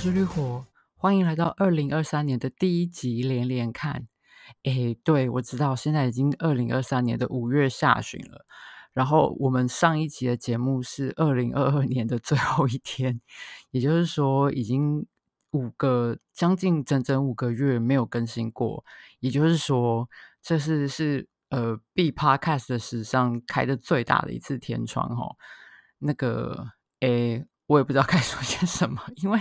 我是綠火，歡迎來到二零二三年的第一集連連看。哎，對，我知道，現在已經二零二三年的五月下旬了。然後我們上一集的節目是二零二二年的最後一天，也就是說已經五個將近整整五個月沒有更新過。也就是說，這是是呃 B Podcast 的史上開的最大的一次天窗哈、哦。那個哎。誒我也不知道該說些什麼，因為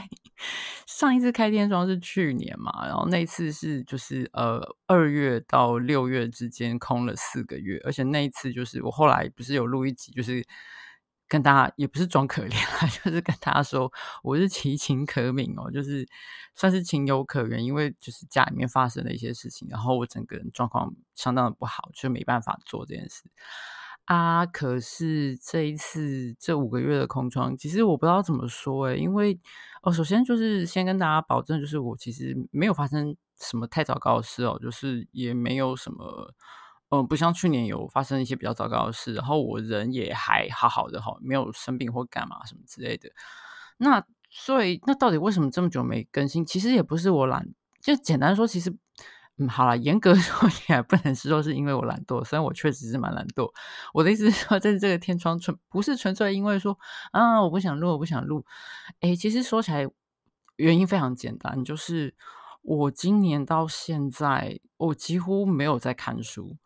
上一次開天窗是去年嘛，然後那一次是就是呃二月到六月之間空了四個月，而且那一次就是我後來不是有錄一集，就是跟大家也不是裝可憐啊，就是跟大家說我是其情可憫哦、喔，就是算是情有可原，因為就是家裡面發生了一些事情，然後我整個人狀況相當的不好，就沒辦法做這件事。啊！可是這一次這五個月的空窗，其實我不知道怎麼說誒，因為哦，首先就是先跟大家保證，就是我其實沒有發生什麼太糟糕的事哦，就是也沒有什麼，嗯、呃，不像去年有發生一些比較糟糕的事，然後我人也還好好的哈，沒有生病或幹嘛什麼之類的。那所以，那到底為什麼這麼久沒更新？其實也不是我懶，就簡單說，其實。嗯，好啦，嚴格說起來不能是說是因為我懶惰，雖然我確實是蠻懶惰。我的意思是說，在這個天窗純不是純粹因為說，啊我不想錄，我不想錄。哎、欸，其實說起來，原因非常簡單，就是我今年到現在，我幾乎沒有在看書，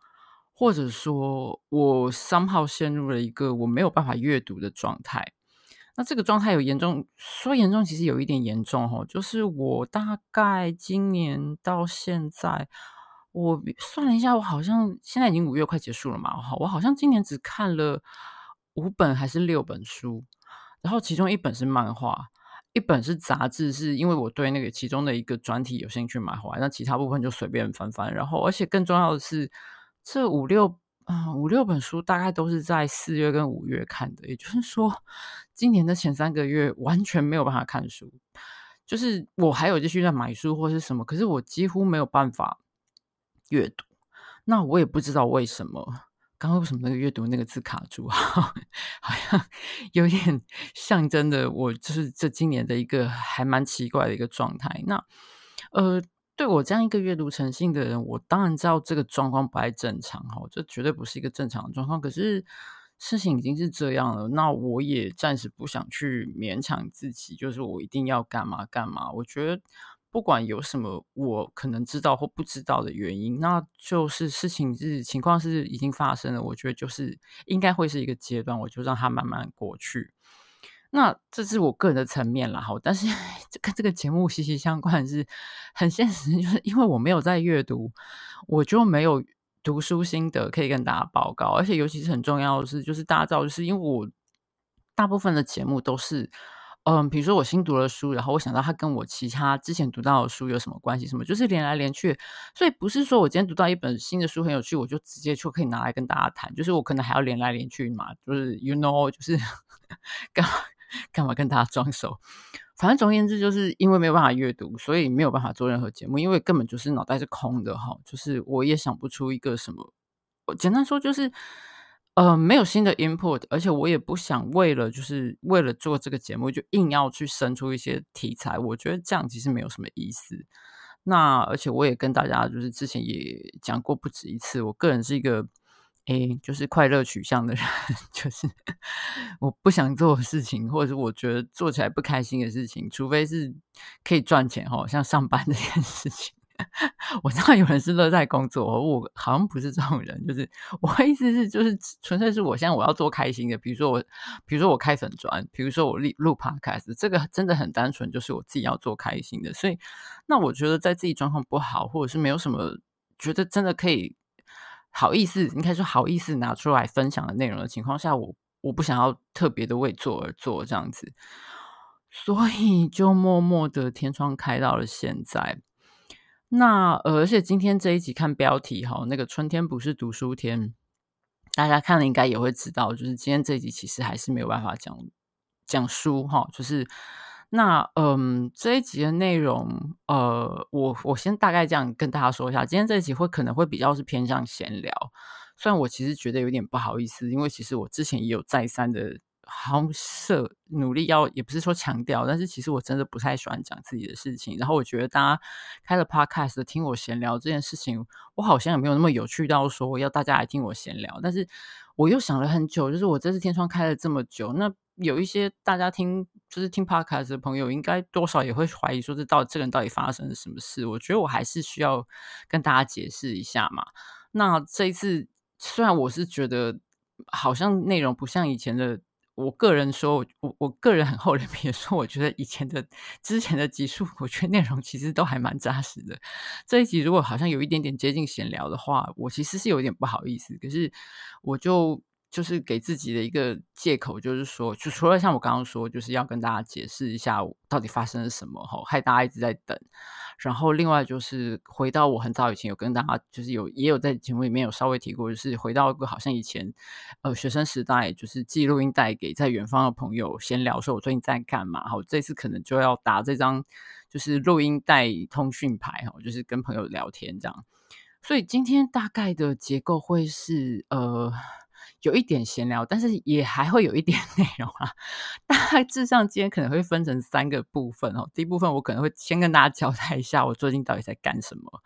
或者說，我 somehow 陷入了一個我沒有辦法閱讀的狀態。那這個狀態有嚴重，說嚴重其實有一點嚴重哦。就是我大概今年到現在，我算了一下，我好像現在已經五月快結束了嘛。我好像今年只看了五本還是六本書，然後其中一本是漫畫，一本是雜誌，是因為我對那個其中的一個專題有興趣買回來，那其他部分就隨便翻翻。然後，而且更重要的是，這五六嗯，五六本書大概都是在四月跟五月看的，也就是說。今年的前三個月完全沒有辦法看書，就是我還有繼續在買書或是什麼，可是我幾乎沒有辦法閱讀。那我也不知道為什麼，剛剛為什麼那個“閱讀”那個字卡住好，好像有點象徵的，我就是這今年的一個還蠻奇怪的一個狀態。那呃，對我這樣一個閱讀成性的人，我當然知道這個狀況不太正常哈，這絕對不是一個正常的狀況，可是。事情已經是這樣了，那我也暫時不想去勉強自己，就是我一定要幹嘛幹嘛。我覺得不管有什麼我可能知道或不知道的原因，那就是事情是情況是已經發生了。我覺得就是應該會是一個階段，我就讓它慢慢過去。那這是我個人的層面啦，好，但是這跟這個節目息息相關是很現實，就是因為我沒有在閱讀，我就沒有。讀書心得可以跟大家報告，而且尤其是很重要的是，就是大家知道，就是因為我大部分的節目都是，嗯，比如說我新讀了書，然後我想到它跟我其他之前讀到的書有什麼關係，什麼就是連來連去，所以不是說我今天讀到一本新的書很有趣，我就直接就可以拿來跟大家談，就是我可能還要連來連去嘛，就是 you know，就是 幹嘛幹嘛跟大家裝熟。反正總而言之，就是因為沒有辦法閱讀，所以沒有辦法做任何節目，因為根本就是腦袋是空的哈。就是我也想不出一個什麼，我簡單說就是，呃，沒有新的 input，而且我也不想為了就是為了做這個節目，就硬要去生出一些題材。我覺得這樣其實沒有什麼意思。那而且我也跟大家就是之前也講過不止一次，我個人是一個。誒、欸，就是快樂取向的人，就是我不想做的事情，或者是我覺得做起來不開心的事情，除非是可以賺錢哦，像上班這件事情。我知道有人是樂在工作，我好像不是這種人。就是我意思是，就是純粹是我現在我要做開心的，比如說我，比如說我開粉專，比如說我錄錄 podcast，這個真的很單純，就是我自己要做開心的。所以，那我覺得在自己狀況不好，或者是沒有什麼覺得真的可以。好意思，應該說好意思拿出來分享的內容的情況下，我我不想要特別的為做而做這樣子，所以就默默的天窗開到了現在。那而且今天這一集看標題齁，那個春天不是讀書天，大家看了應該也會知道，就是今天這一集其實還是沒有辦法講講書齁，就是。那嗯，這一集的內容，呃，我我先大概這樣跟大家說一下。今天這一集會可能會比較是偏向閒聊，雖然我其實覺得有點不好意思，因為其實我之前也有再三的好設努力要，也不是說強調，但是其實我真的不太喜歡講自己的事情。然後我覺得大家開了 podcast 聽我閒聊這件事情，我好像也沒有那麼有趣到說要大家來聽我閒聊。但是我又想了很久，就是我這次天窗開了這麼久，那。有一些大家聽，就是聽 podcast 的朋友，應該多少也會懷疑，說這到底這個人到底發生了什麼事？我覺得我還是需要跟大家解釋一下嘛。那這一次，雖然我是覺得好像內容不像以前的，我個人說，我我個人很厚臉皮的說，我覺得以前的之前的集數，我覺得內容其實都還蠻扎實的。這一集如果好像有一點點接近閒聊的話，我其實是有點不好意思，可是我就。就是給自己的一個借口，就是說，就除了像我剛剛說，就是要跟大家解釋一下到底發生了什麼吼，害大家一直在等。然後另外就是回到我很早以前有跟大家，就是有也有在節目裡面有稍微提過，就是回到一個好像以前呃學生時代，就是寄錄音帶給在遠方的朋友閒聊，說我最近在幹嘛。吼，這次可能就要打這張就是錄音帶通訊牌哈，就是跟朋友聊天這樣。所以今天大概的結構會是呃。有一點閒聊，但是也還會有一點內容啊。大致上今天可能會分成三個部分哦。第一部分我可能會先跟大家交代一下我最近到底在幹什麼。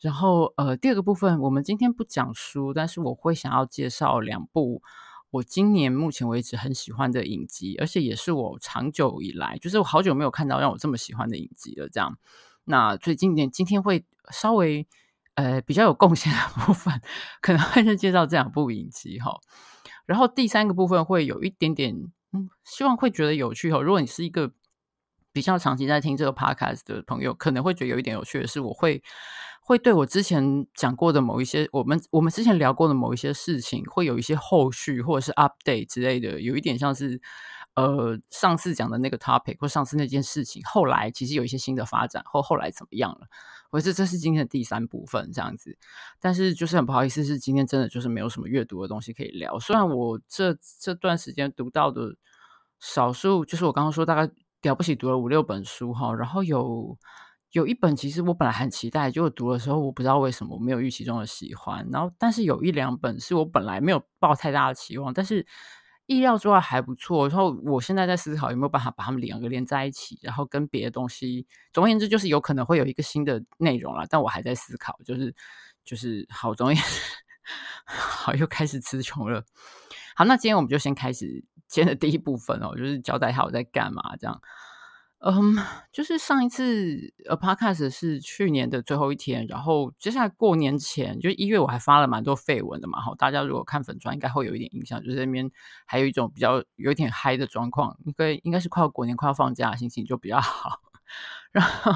然後呃第二個部分我們今天不講書，但是我會想要介紹兩部我今年目前為止很喜歡的影集，而且也是我長久以來就是我好久沒有看到讓我這麼喜歡的影集了。這樣，那最近點今天會稍微。呃，比較有貢獻的部分，可能會是介紹這兩部影集哈。然後第三個部分會有一點點，嗯，希望會覺得有趣哈，如果你是一個比較長期在聽這個 podcast 的朋友，可能會覺得有一點有趣的是，我會會對我之前講過的某一些，我們我們之前聊過的某一些事情，會有一些後續或者是 update 之類的，有一點像是呃上次講的那個 topic 或上次那件事情，後來其實有一些新的發展，或後來怎麼樣了。而這這是今天的第三部分，這樣子。但是就是很不好意思，是今天真的就是沒有什麼閱讀的東西可以聊。雖然我這這段時間讀到的少數，就是我剛剛說大概了不起讀了五六本書哈，然後有有一本其實我本來很期待，就讀的時候我不知道為什麼我沒有預期中的喜歡。然後但是有一兩本是我本來沒有抱太大的期望，但是。意料之外還不錯，然後我現在在思考，有沒有辦法把它們兩個連在一起，然後跟別的東西，總而言之就是有可能會有一個新的內容了。但我還在思考，就是就是好，總而言之， 好，又開始詞窮了。好，那今天我們就先開始今天的第一部分哦，就是交代一下我在幹嘛這樣。嗯、um、就是上一次呃 podcast 是去年的最後一天，然後接下來過年前，就一月我還發了蠻多廢文的嘛，哈，大家如果看粉專應該會有一點印象，就是那邊還有一種比較有點嗨的狀況，應該應該是快要過年快要放假，心情就比較好，然後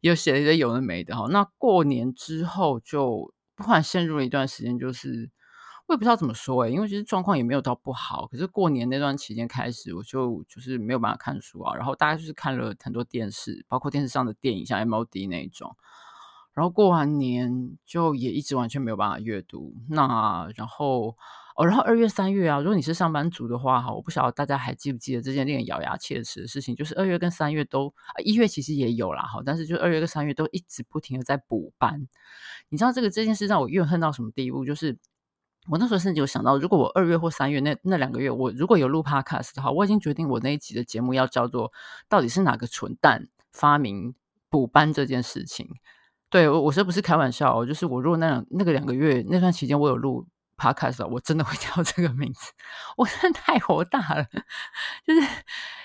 又寫了一些有的沒的哈，那過年之後就突然陷入了一段時間，就是。我也不知道怎麼說誒、欸、因為其實狀況也沒有到不好，可是過年那段期間開始，我就就是沒有辦法看書啊，然後大概就是看了很多電視，包括電視上的電影，像 M O D 那一種，然後過完年就也一直完全沒有辦法閱讀。那然後哦，然後二月、三月啊，如果你是上班族的話哈，我不曉得大家還記不記得這件令人咬牙切齒的事情，就是二月跟三月都，啊一月其實也有啦哈，但是就二月跟三月都一直不停的在補班。你知道這個這件事讓我怨恨到什麼地步？就是。我那時候甚至有想到，如果我二月或三月那那兩個月，我如果有錄 podcast 的話，我已經決定我那一集的節目要叫做“到底是哪個蠢蛋發明補班這件事情”對。對我，我這不是開玩笑哦，就是我如果那兩那個兩個月那段期間我有錄 podcast，我真的會叫這個名字。我真的太火大了，就是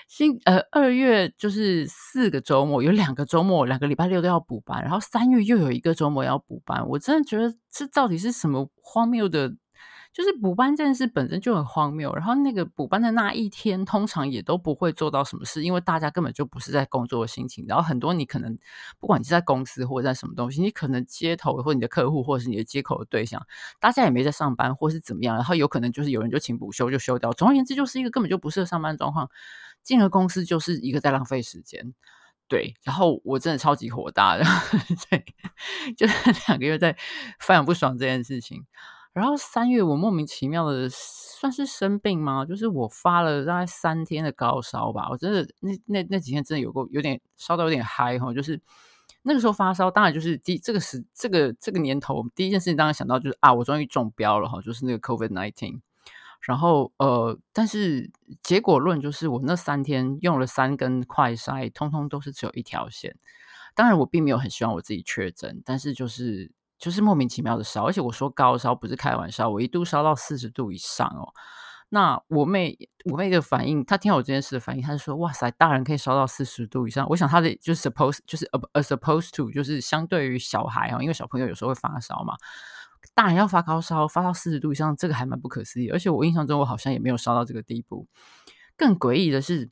新呃二月就是四個周末，有兩個周末兩個禮拜六都要補班，然後三月又有一個周末要補班。我真的覺得這到底是什麼荒謬的？就是補班這件事本身就很荒謬，然後那個補班的那一天，通常也都不會做到什麼事，因為大家根本就不是在工作的心情。然後很多你可能，不管你是在公司或者在什麼東西，你可能街頭或者你的客戶或者是你的接口的對象，大家也沒在上班或是怎麼樣。然後有可能就是有人就請補休就休掉。總而言之，就是一個根本就不適合上班的狀況，進了公司就是一個在浪費時間。對，然後我真的超級火大了，然後對，就是兩個月在非常不爽這件事情。然後三月，我莫名其妙的算是生病嗎？就是我發了大概三天的高燒吧。我真的那那那幾天真的有過有點燒到有點嗨吼。就是那個時候發燒，當然就是第這個時這個這個年頭，第一件事情當然想到就是啊，我終於中標了哈，就是那個 COVID nineteen。然後呃，但是結果論就是我那三天用了三根快篩，通通都是只有一條線。當然我並沒有很希望我自己確診，但是就是。就是莫名其妙的燒，而且我說高燒不是開玩笑，我一度燒到四十度以上哦。那我妹，我妹的反應，她聽到我這件事的反應，她就說：“哇塞，大人可以燒到四十度以上。”我想她的就是 suppose 就是 a, a supposed to，就是相對於小孩哦，因為小朋友有時候會發燒嘛，大人要發高燒，發到四十度以上，這個還蠻不可思議。而且我印象中，我好像也沒有燒到這個地步。更詭異的是。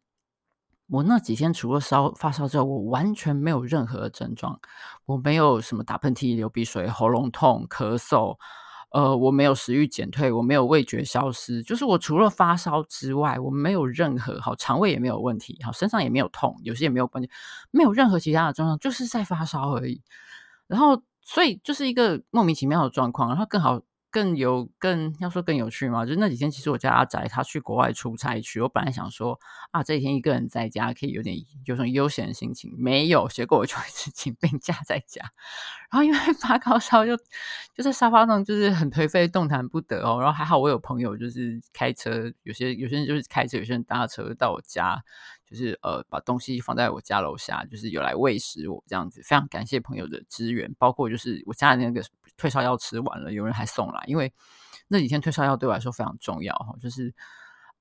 我那幾天除了燒發燒之外，我完全沒有任何症狀。我沒有什麼打噴嚏、流鼻水、喉嚨痛、咳嗽。呃，我沒有食欲減退，我沒有味覺消失。就是我除了發燒之外，我沒有任何，好，腸胃也沒有問題，好，身上也沒有痛，有些也沒有關係，沒有任何其他的症狀，就是在發燒而已。然後，所以就是一個莫名其妙的狀況，然後更好。更有更要說更有趣嗎？就是，那幾天，其實我家阿宅他去國外出差去，我本來想說啊，這幾天一個人在家可以有點有種悠閒的心情，沒有，結果我就一直請病假在家，然後因為發高燒就，就就在沙發上，就是很頹廢，動彈不得哦。然後還好我有朋友，就是開車，有些有些人就是開車，有些人搭車到我家，就是呃把東西放在我家樓下，就是有來餵食我這樣子，非常感謝朋友的支援，包括就是我家的那個。退燒藥吃完了，有人還送來，因為那幾天退燒藥對我來說非常重要，就是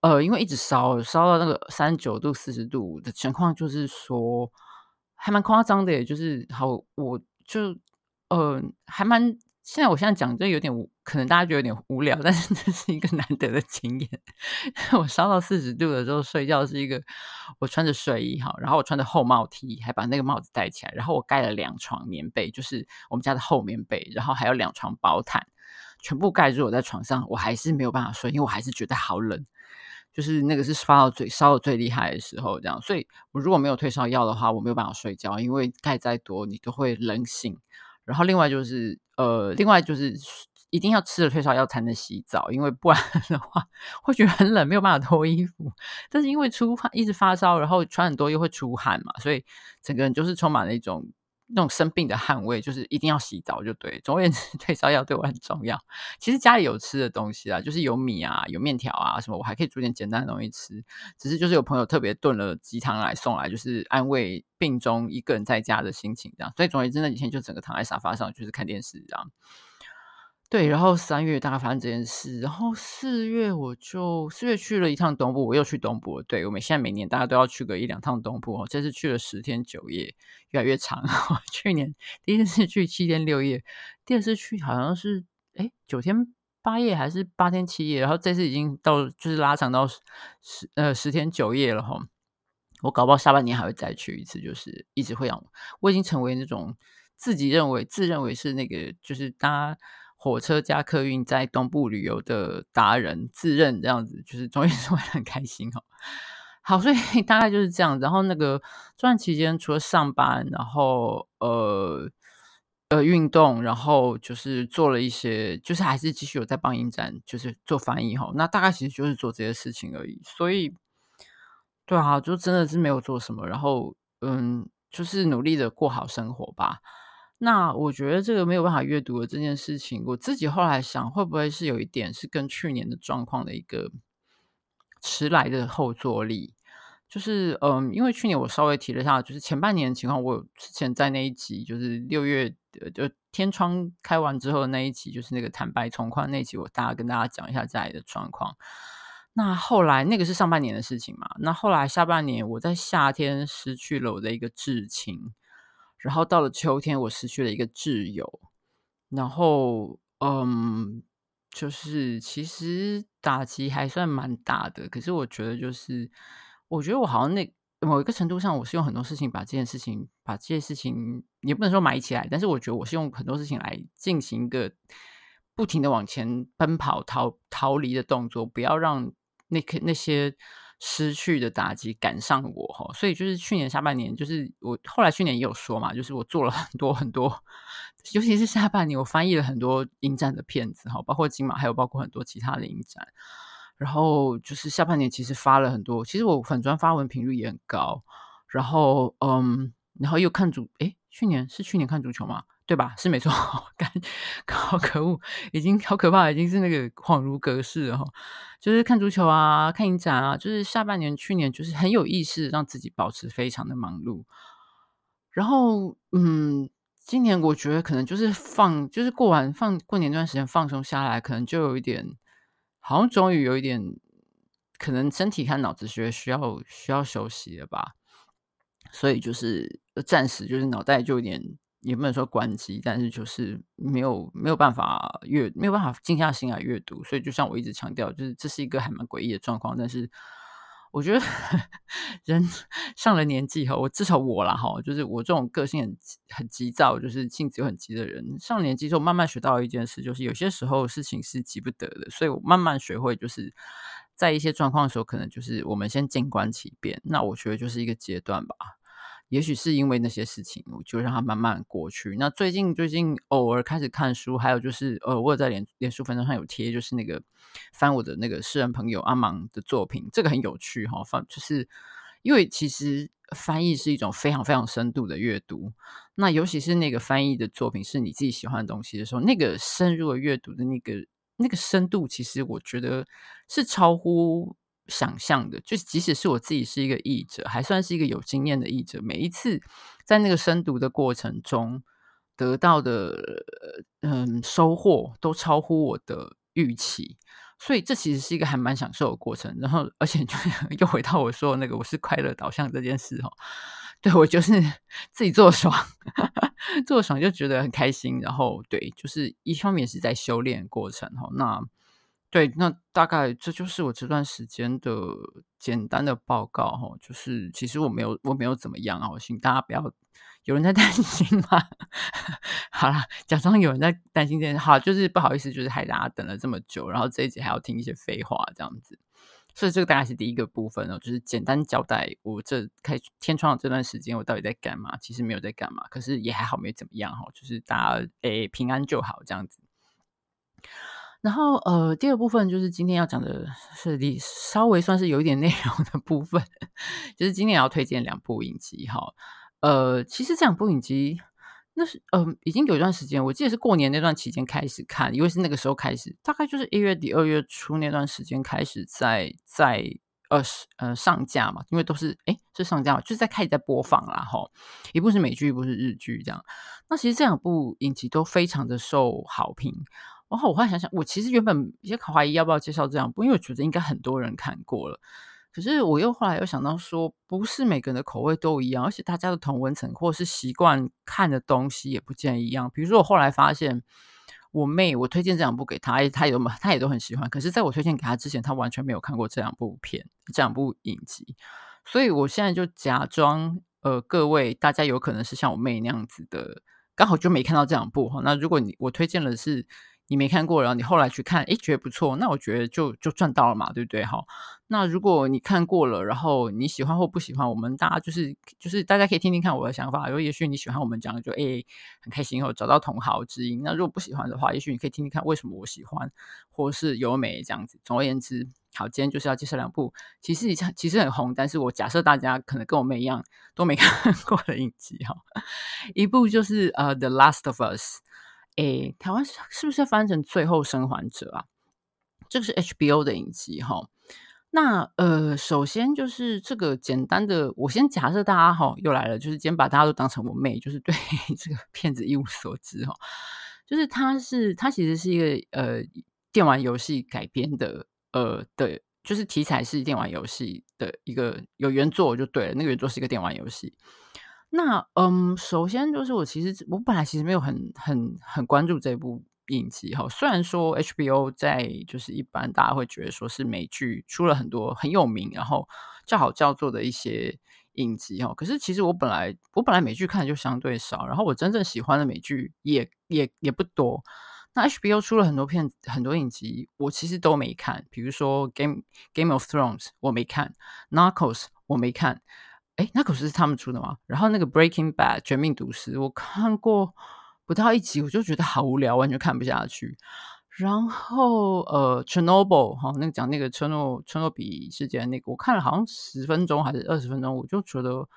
呃，因為一直燒，燒到那個三十九度、四十度的情況，就是說還蠻誇張的，就是好，我就呃，還蠻。現在我現在講這有點可能大家就有點無聊，但是這是一個難得的經驗。 我燒到四十度的時候，睡覺是一個，我穿着睡衣哈，然後我穿着厚帽 T，還把那個帽子戴起來，然後我蓋了兩床棉被，就是我們家的厚棉被，然後還有兩床薄毯，全部蓋住我在床上，我還是沒有辦法睡，因為我還是覺得好冷。就是那個是燒到最燒的最厲害的時候，這樣，所以我如果沒有退燒藥的話，我沒有辦法睡覺，因為蓋再多你都會冷醒。然後，另外就是，呃，另外就是一定要吃了退燒藥才能洗澡，因為不然的話會覺得很冷，沒有辦法脫衣服。但是因為出汗，一直發燒，然後穿很多又會出汗嘛，所以整個人就是充滿了那種。那種生病的汗味，就是一定要洗澡就對。總而言之，退燒藥對我很重要。其實家裡有吃的東西啊，就是有米啊，有麵條啊什麼，我還可以煮點簡單的東西吃。只是就是有朋友特別燉了雞湯來送來，就是安慰病中一個人在家的心情這樣。所以總而言之，那幾天就整個躺在沙發上，就是看電視這樣。對，然後三月大家發生這件事，然後四月我就四月去了一趟東部，我又去東部。對，我們現在每年大家都要去個一兩趟東部，這次去了十天九夜，越來越長。去年第一次去七天六夜，第二次去好像是哎九天八夜還是八天七夜，然後這次已經到就是拉長到十呃十天九夜了吼，我搞不好下半年還會再去一次，就是一直會養。我已經成為那種自己認為自認為是那個就是大家。火車加客運在東部旅遊的達人自認這樣子，就是終於玩的很開心哦。好，所以大概就是這樣，然後那個，這段期間，除了上班，然後呃呃運動，然後就是做了一些，就是還是繼續有在幫影展，就是做翻譯哈、哦。那大概其實就是做這些事情而已。所以對啊，就真的是沒有做什麼。然後嗯，就是努力的過好生活吧。那我覺得這個沒有辦法閱讀的這件事情，我自己後來想，會不會是有一點是跟去年的狀況的一個遲來的後坐力？就是，嗯，因為去年我稍微提了一下，就是前半年的情況，我之前在那一集，就是六月、呃、就天窗開完之後的那一集，就是那個坦白從寬那集，我大概跟大家講一下家裡的狀況。那後來那個是上半年的事情嘛？那後來下半年，我在夏天失去了我的一個至親。然後到了秋天，我失去了一個摯友。然後，嗯，就是其實打擊還算蠻大的。可是我覺得，就是我覺得我好像那某一個程度上，我是用很多事情把這件事情，把這些事情，也不能說埋起來，但是我覺得我是用很多事情來進行一個不停的往前奔跑、逃逃離的動作，不要讓那那那些。失去的打擊趕上我哈，所以就是去年下半年，就是我後來去年也有說嘛，就是我做了很多很多，尤其是下半年，我翻譯了很多影展的片子哈，包括金馬，還有包括很多其他的影展。然後就是下半年其實發了很多，其實我粉專發文頻率也很高。然後嗯，然後又看足，誒、欸，去年是去年看足球嗎？對吧？是沒錯，好 好可惡，已經好可怕，已經是那個恍如隔世了哈。就是看足球啊，看影展啊，就是下半年、去年就是很有意識讓自己保持非常的忙碌。然後，嗯，今年我覺得可能就是放，就是過完放過年段時間放鬆下來，可能就有一點，好像終於有一點，可能身體和腦子學需要需要休息了吧。所以就是暫時就是腦袋就有點。也不能說關機，但是就是沒有沒有辦法閱，沒有辦法靜下心來閱讀。所以就像我一直強調，就是這是一個還蠻詭異的狀況。但是我覺得呵呵人上了年紀後，我至少我啦，哈，就是我這種個性很很急躁，就是性子又很急的人，上了年紀之後慢慢學到一件事，就是有些時候事情是急不得的。所以我慢慢學會，就是在一些狀況的時候，可能就是我們先靜觀其變。那我覺得就是一個階段吧。也許是因為那些事情，我就讓它慢慢過去。那最近最近偶爾開始看書，還有就是呃，偶爾我在臉臉書文章上有貼，就是那個翻我的那個詩人朋友阿芒的作品，這個很有趣哈、哦。翻就是因為其實翻譯是一種非常非常深度的閱讀，那尤其是那個翻譯的作品是你自己喜歡的東西的時候，那個深入的閱讀的那個那個深度，其實我覺得是超乎。想象的，就即使是我自己是一個譯者，還算是一個有經驗的譯者，每一次在那個深讀的過程中得到的，嗯，收穫都超乎我的預期，所以這其實是一個還蠻享受的過程。然後，而且就又回到我說的那個我是快樂導向這件事哦，對，我就是自己做爽呵呵，做爽就覺得很開心。然後，對，就是一方面也是在修煉過程哦，那。對，那大概這就是我這段時間的簡單的報告哈，就是其實我沒有，我沒有怎麼樣啊，我請大家不要有人在擔心嘛。 好啦，假裝有人在擔心這件事，好，就是不好意思，就是害大家等了這麼久，然後這一集還要聽一些廢話這樣子，所以這個大概是第一個部分哦，就是簡單交代我這開天窗的這段時間我到底在幹嘛，其實沒有在幹嘛，可是也還好沒怎麼樣哈，就是大家誒平安就好這樣子。然後，呃，第二部分就是今天要講的是你稍微算是有一點內容的部分，就是今天也要推薦兩部影集哈、哦。呃，其實這兩部影集，那是呃，已經有一段時間，我記得是過年那段期間開始看，因為是那個時候開始，大概就是一月底、二月初那段時間開始在在二十呃，呃上架嘛，因為都是哎是上架，就是在開始在播放啦。吼、哦，一部是美劇，一部是日劇這樣。那其實這兩部影集都非常的受好評。然後我後來想想，我其實原本也很懷疑要不要介紹這兩部，因為我覺得應該很多人看過了。可是我又後來又想到說，不是每個人的口味都一樣，而且大家的同溫層或者是習慣看的東西也不見得一樣。比如說我後來發現，我妹我推薦這兩部給她，她也都她也都很喜歡。可是在我推薦給她之前，她完全沒有看過這兩部片，這兩部影集。所以我現在就假裝，呃，各位大家有可能是像我妹那樣子的，剛好就沒看到這兩部哈。那如果你我推薦的是。你沒看過，然後你後來去看，哎，覺得不錯，那我覺得就就賺到了嘛，對不對？哈，那如果你看過了，然後你喜歡或不喜歡，我們大家就是就是大家可以聽聽看我的想法。如果也許你喜歡我們講的，就哎很開心哦，找到同好知音。那如果不喜歡的話，也許你可以聽聽看為什麼我喜歡，或是有美這樣子。總而言之，好，今天就是要介紹兩部，其實像其實很紅，但是我假設大家可能跟我們一樣都沒看過的影集哈，一部就是呃，uh，《The Last of Us》。誒、欸，台灣是不是要翻成最後生還者啊？這個是 HBO 的影集哈。那呃，首先就是這個簡單的，我先假設大家哈，又來了，就是今天把大家都當成我妹，就是對這個片子一無所知哈。就是它是它其實是一個呃電玩遊戲改編的，呃的，就是題材是電玩遊戲的一個有原作就對了，那個原作是一個電玩遊戲。那嗯，首先就是我其實我本來其實沒有很很很關注這部影集哈。雖然說 HBO 在就是一般大家會覺得說是美劇出了很多很有名，然後叫好叫座的一些影集哦，可是其實我本來我本來美劇看就相對少，然後我真正喜歡的美劇也也也不多。那 HBO 出了很多片，很多影集，我其實都沒看。比如說《Game Game of Thrones》，我沒看；《Narcos》，我沒看。哎，那可是是他們出的嘛。然後那個《Breaking Bad》《絕命毒師》，我看過不到一集，我就覺得好無聊，完全看不下去。然後呃，《Chernobyl》，哦，哈，那個講那個車諾車諾比事件那個，我看了好像十分鐘還是二十分鐘，我就覺得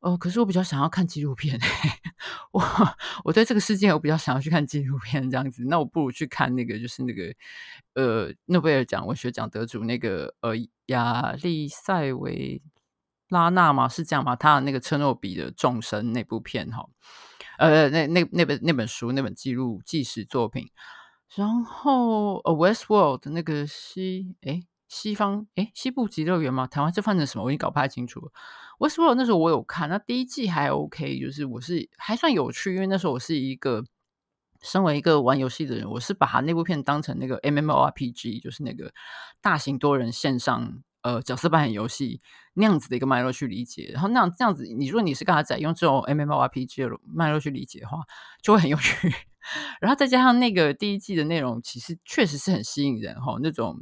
呃，可是我比較想要看紀錄片哎、欸， 我我對這個事件我比較想要去看紀錄片這樣子，那我不如去看那個就是那個呃，諾貝爾獎文學獎得主那個呃，亞歷塞維。拉娜嗎？是這樣嗎？他的那個《車諾比的眾生》那部片，哈，呃，那那那本那本書那本記錄紀實作品，然後《West World》那個西誒，西方誒，西部極樂園嗎？台灣這翻成什麼？我已經搞不太清楚。West World 那時候我有看，那第一季還 OK，就是我是還算有趣，因為那時候我是一個身為一個玩遊戲的人，我是把那部片當成那個 MMORPG，就是那個大型多人線上。呃，角色扮演遊戲那樣子的一個脈絡去理解，然後那樣這樣子，你如果你是剛才在用這種 M M O R P G 的脈絡去理解的話，就會很有趣。 然後再加上那個第一季的內容，其實確實是很吸引人那種，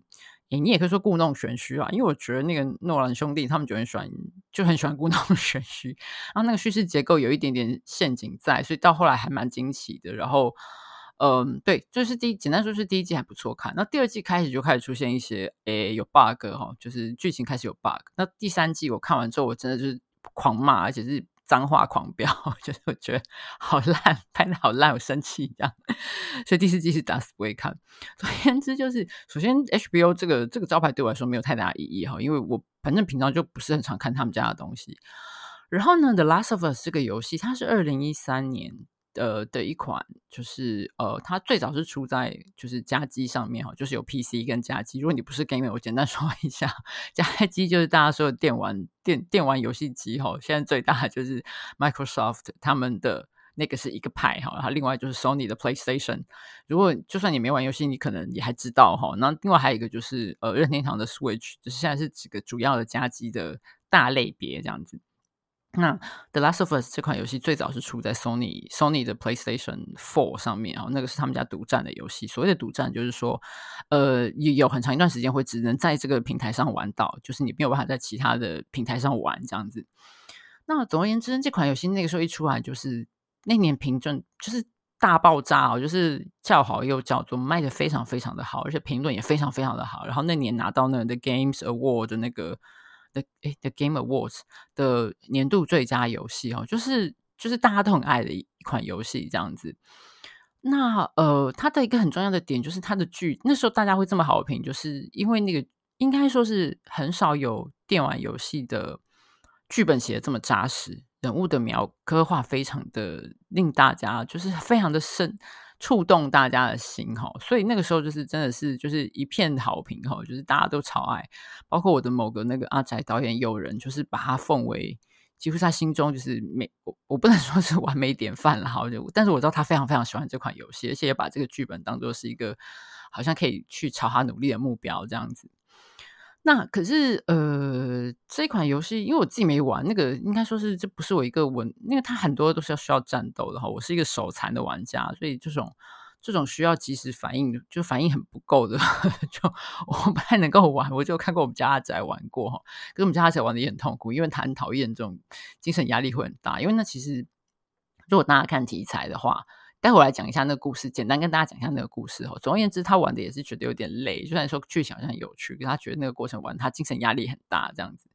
哎、欸，你也可以說故弄玄虛啊，因為我覺得那個諾蘭兄弟他們就很喜歡，就很喜歡故弄玄虛。然後那個敘事結構有一點點陷阱在，所以到後來還蠻驚奇的。然後。嗯，對，就是第一簡單說，是第一季還不錯看。那第二季開始就開始出現一些，誒，有 bug 哈、哦，就是劇情開始有 bug。那第三季我看完之後，我真的就是狂罵，而且是髒話狂飆，就是我覺得好爛，拍的好爛，我生氣一樣。所以第四季是打死不會看。總而言之，就是首先 HBO 這個這個招牌對我來說沒有太大意義哈，因為我反正平常就不是很常看他們家的東西。然後呢，《The Last of Us》這個遊戲，它是二零一三年。呃，的一款就是呃，它最早是出在就是家機上面哈，就是有 PC 跟家機。如果你不是 gamer，我簡單說一下，家機就是大家說的電玩電電玩遊戲機哈。現在最大的就是 Microsoft 他們的那個是一個派哈，然後另外就是 Sony 的 PlayStation。如果就算你沒玩遊戲，你可能也還知道哈。那另外還有一個就是呃，任天堂的 Switch，就是現在是幾個主要的家機的大類別這樣子。那《The Last of Us》這款遊戲最早是出在 Sony Sony 的 PlayStation Four 上面哦，那個是他們家獨占的遊戲。所謂的獨占，就是說，呃，有很長一段時間會只能在這個平台上玩到，就是你沒有辦法在其他的平台上玩這樣子。那總而言之，這款遊戲那個時候一出來，就是那年評論就是大爆炸哦，就是叫好又叫座賣得非常非常的好，而且評論也非常非常的好。然後那年拿到那個 Games Award 的那個。The，誒，The Game Awards 的年度最佳遊戲哦，就是就是大家都很愛的一一款遊戲這樣子。那呃，它的一個很重要的點就是它的劇，那時候大家會這麼好評，就是因為那個應該說是很少有電玩遊戲的劇本寫的這麼扎實，人物的描刻畫非常的令大家就是非常的深。觸動大家的心哈，所以那個時候就是真的是就是一片好評哈，就是大家都超愛，包括我的某個那個阿宅導演友人，就是把他奉為，幾乎他心中就是美我我不能說是完美典範了好就但是我知道他非常非常喜歡這款遊戲，而且也把這個劇本當做是一個好像可以去朝他努力的目標這樣子。那可是呃，這款遊戲，因為我自己沒玩，那個應該說是這不是我一個文，那個它很多都是要需要戰鬥的哈。我是一個手殘的玩家，所以這種這種需要即時反應，就反應很不夠的，呵呵就我不太能夠玩。我就看過我們家阿仔玩過哈，可是我們家阿仔玩的也很痛苦，因為他很討厭這種精神壓力會很大。因為那其實，如果大家看題材的話。待會我來講一下那個故事，簡單跟大家講一下那個故事。總而言之，他玩的也是覺得有點累，雖然說劇情好像很有趣，他覺得那個過程玩他精神壓力很大這樣子。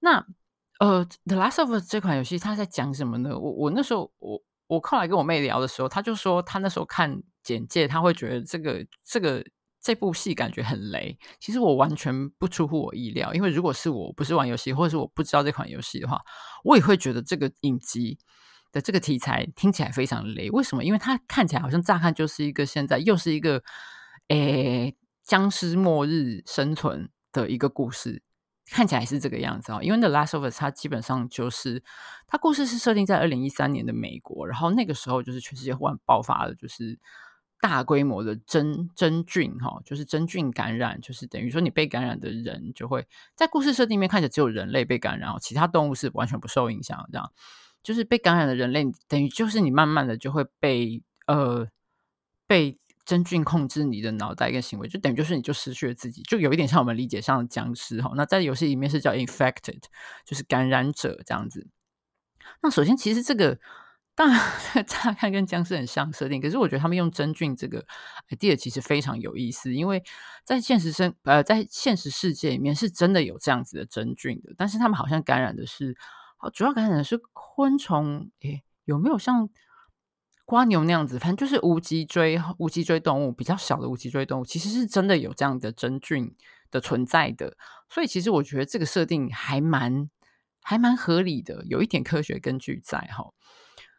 那呃，《The Last of Us》這款遊戲他在講什麼呢？我我那時候我我後來跟我妹聊的時候，他就說他那時候看簡介，他會覺得這個這個這部戲感覺很雷。其實我完全不出乎我意料，因為如果是我不是玩遊戲，或者是我不知道這款遊戲的話，我也會覺得這個影集的這個題材聽起來非常雷，為什麼？因為它看起來好像乍看就是一個現在又是一個，誒、欸，殭屍末日生存的一個故事，看起來是這個樣子啊、哦。因為《The Last of Us》它基本上就是它故事是設定在二零一三年的美國，然後那個時候就是全世界忽然爆發了就是大規模的真真菌哈、哦，就是真菌感染，就是等於說你被感染的人就會在故事設定面看起來只有人類被感染，然後其他動物是完全不受影響這樣。就是被感染的人類，等於就是你慢慢的就會被呃被真菌控制你的腦袋跟行為，就等於就是你就失去了自己，就有一點像我們理解上的僵屍哈。那在遊戲裡面是叫 infected，就是感染者這樣子。那首先其實這個當然大家看跟僵屍很像設定，可是我覺得他們用真菌這個 idea 其實非常有意思，因為在現實生呃在現實世界裡面是真的有這樣子的真菌的，但是他們好像感染的是。主要感染的是昆蟲，欸、有沒有像蝸牛那樣子？反正就是無脊椎、無脊椎動物，比較小的無脊椎動物，其實是真的有這樣的真菌的存在。的，所以其實我覺得這個設定還蠻、還蠻合理的，有一點科學根據在。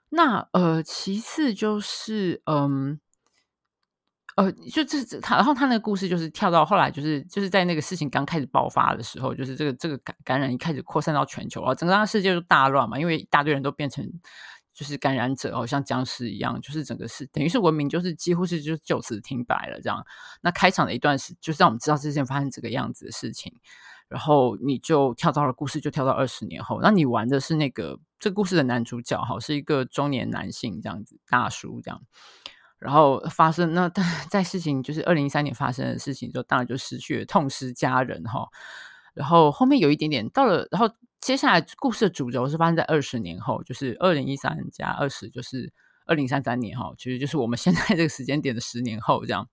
那呃，其次就是嗯。呃呃，就這這他，然後他那個故事就是跳到後來，就是就是在那個事情剛開始爆發的時候，就是這個這個感感染一開始擴散到全球啊，然後整個世界就大亂嘛，因為一大堆人都變成就是感染者好、哦、像僵屍一樣，就是整個是等於是文明就是幾乎是就就此停擺了這樣。那開場的一段時，就是讓我們知道之前發生這個樣子的事情，然後你就跳到了故事就跳到二十年後，那你玩的是那個這個、故事的男主角好是一個中年男性這樣子大叔這樣。然後發生那，但在事情就是二零一三年發生的事情就當然就失去了，痛失家人哈、哦。然後後面有一點點到了，然後接下來故事的主軸是發生在二十年後，就是二零一三加二十，就是二零三三年哈。其實就是我們現在這個時間點的十年後，這樣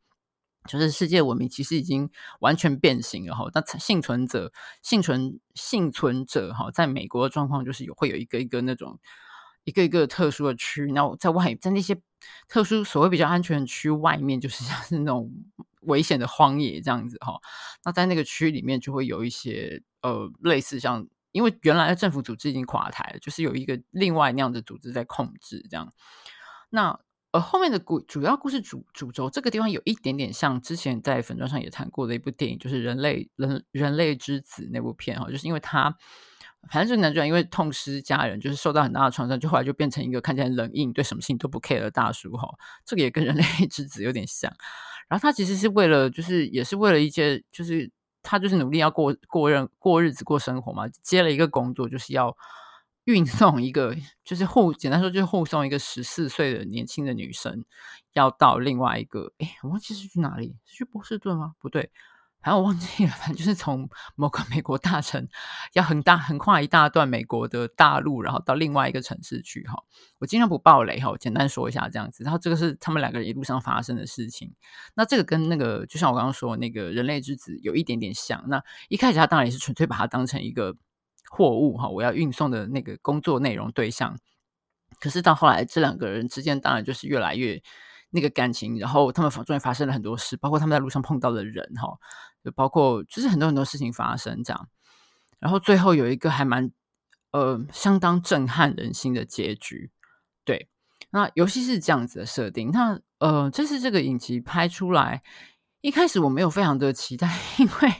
就是世界文明其實已經完全變形了哈、哦。那倖存者、倖存、倖存者哈、哦，在美國的狀況就是有會有一個一個那種一個一個特殊的區域，然後在外在那些。特殊所謂比較安全的區外面，就是像是那種危險的荒野這樣子哈、哦。那在那個區裡面，就會有一些呃類似像，因為原來的政府組織已經垮台了，就是有一個另外那樣的組織在控制這樣。那而後面的故主要故事主主軸，這個地方有一點點像之前在粉專上也談過的一部電影，就是人《人類人人類之子》那部片哈、哦，就是因為它。反正就男主角，因為痛失家人，就是受到很大的創傷，就後來就變成一個看起來冷硬，對什麼事情都不 care 的大叔哈、哦。這個也跟人類之子有點像。然後他其實是為了，就是也是為了一些，就是他就是努力要過過人過日子過生活嘛。接了一個工作，就是要運送一個，就是護，簡單說就是護送一個十四歲的年輕的女生，要到另外一個，哎，我忘記是去哪裡，是去波士頓嗎？不對。還有我忘記了，反正就是從某個美國大城，要很大橫跨一大段美國的大陸，然後到另外一個城市去哈。我儘量不暴雷哈，我簡單說一下這樣子。然後這個是他們兩個人一路上發生的事情。那這個跟那個，就像我剛剛說，那個人類之子有一點點像。那一開始他當然也是純粹把他當成一個貨物哈，我要運送的那個工作內容對象。可是到後來，這兩個人之間當然就是越來越。那個感情，然後他們終於發生了很多事，包括他們在路上碰到的人哈，就包括就是很多很多事情發生這樣，然後最後有一個還蠻呃相當震撼人心的結局，對，那遊戲是這樣子的設定，那呃這次這個影集拍出來，一開始我沒有非常的期待，因為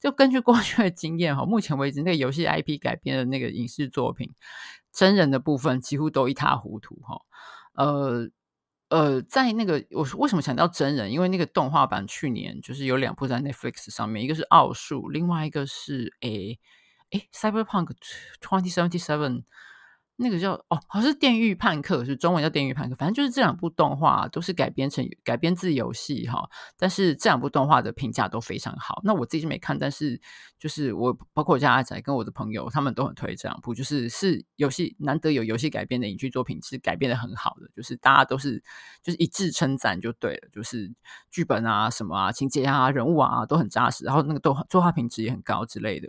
就根據過去的經驗哈，目前為止那個遊戲 IP 改編的那個影視作品，真人的部分幾乎都一塌糊塗哈，呃。呃，在那個，我為什麼強調真人？因為那個動畫版去年就是有兩部在 Netflix 上面，一個是《奧術》，另外一個是誒誒，欸欸《Cyberpunk 2077》。那個叫哦，好像是《電馭叛客》，是中文叫《電馭叛客》，反正就是這兩部動畫都是改編成改編自遊戲哈，但是這兩部動畫的評價都非常好。那我自己就沒看，但是就是我包括我家阿仔跟我的朋友，他們都很推這兩部，就是是遊戲難得有遊戲改編的影劇作品是改編的很好的，就是大家都是就是一致稱讚就對了，就是劇本啊什麼啊情節啊人物啊都很紮實，然後那個動畫作畫品質也很高之類的。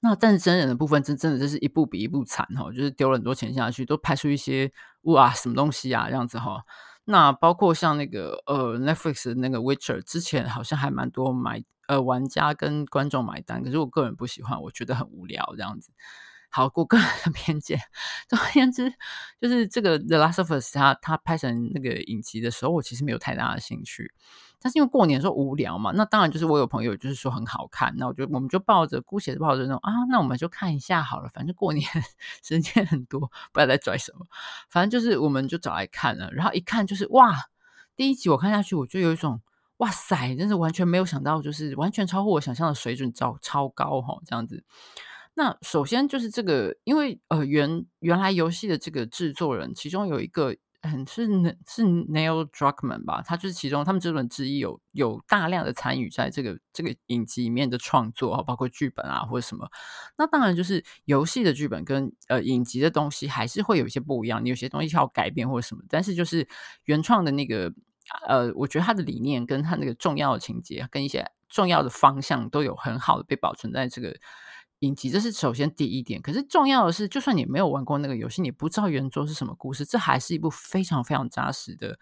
那但是真人的部分真真的就是一部比一部慘哦，就是丟了很多錢下去，都拍出一些哇什麼東西啊這樣子哈、哦。那包括像那個呃 Netflix 的那個《Witcher》之前好像還蠻多買呃玩家跟觀眾買單，可是我個人不喜歡，我覺得很無聊這樣子。好，過個人的偏見。總而言之，就是這個《The Last of Us》它他拍成那個影集的時候，我其實沒有太大的興趣。但是因為過年的時候無聊嘛，那當然就是我有朋友就是說很好看，那我就我們就抱着姑且抱着那種啊，那我們就看一下好了，反正過年時間很多，不要再拽什麼，反正就是我們就找來看了。然後一看就是哇，第一集我看下去，我就有一種哇塞，真是完全沒有想到，就是完全超乎我想象的水準超，超超高哈，這樣子。那首先就是這個，因為呃原原來遊戲的這個制作人，其中有一個。嗯，是是 Neil Druckmann 吧，他就是其中他們這輪之一有，有有大量的參與在這個這個影集裡面的創作，包括劇本啊或者什麼。那當然就是遊戲的劇本跟呃影集的東西還是會有一些不一樣，你有些東西要改變或者什麼。但是就是原創的那個呃，我覺得他的理念跟他那個重要的情節跟一些重要的方向都有很好的被保存在這個。影集，這是首先第一點。可是重要的是，就算你沒有玩過那個遊戲，你也不知道原作是什麼故事，這還是一部非常非常紮實的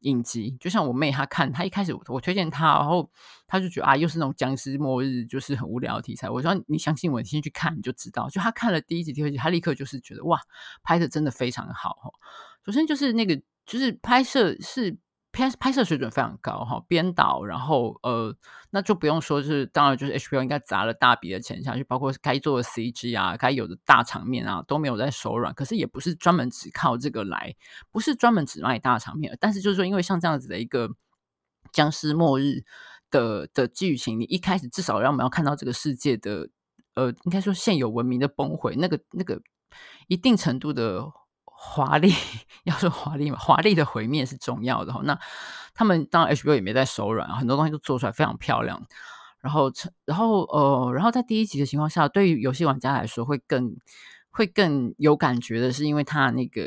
影集。就像我妹，她看，她一開始我推薦她，然後她就覺得啊，又是那種僵屍末日，就是很無聊的題材。我說你相信我，你先去看你就知道。就她看了第一集、第二集，她立刻就是覺得哇，拍的真的非常好。首先就是那個，就是拍攝是。拍拍攝水準非常高哈，編導，然後呃，那就不用說，就是當然就是 HBO 應該砸了大筆的錢下去，包括該做的 CG 啊，該有的大場面啊都沒有在手軟。可是也不是專門只靠這個來，不是專門只賣大場面。但是就是說，因為像這樣子的一個僵屍末日的的劇情，你一開始至少讓我們要看到這個世界的呃，應該說現有文明的崩毀，那個那個一定程度的。華麗要說華麗嘛，華麗的毀滅是重要的。那他們當然 HBO 也沒在手軟，很多東西都做出來非常漂亮。然後，然後，呃，然後在第一集的情況下，對於遊戲玩家來說會更。會更有感覺的是，因為它那個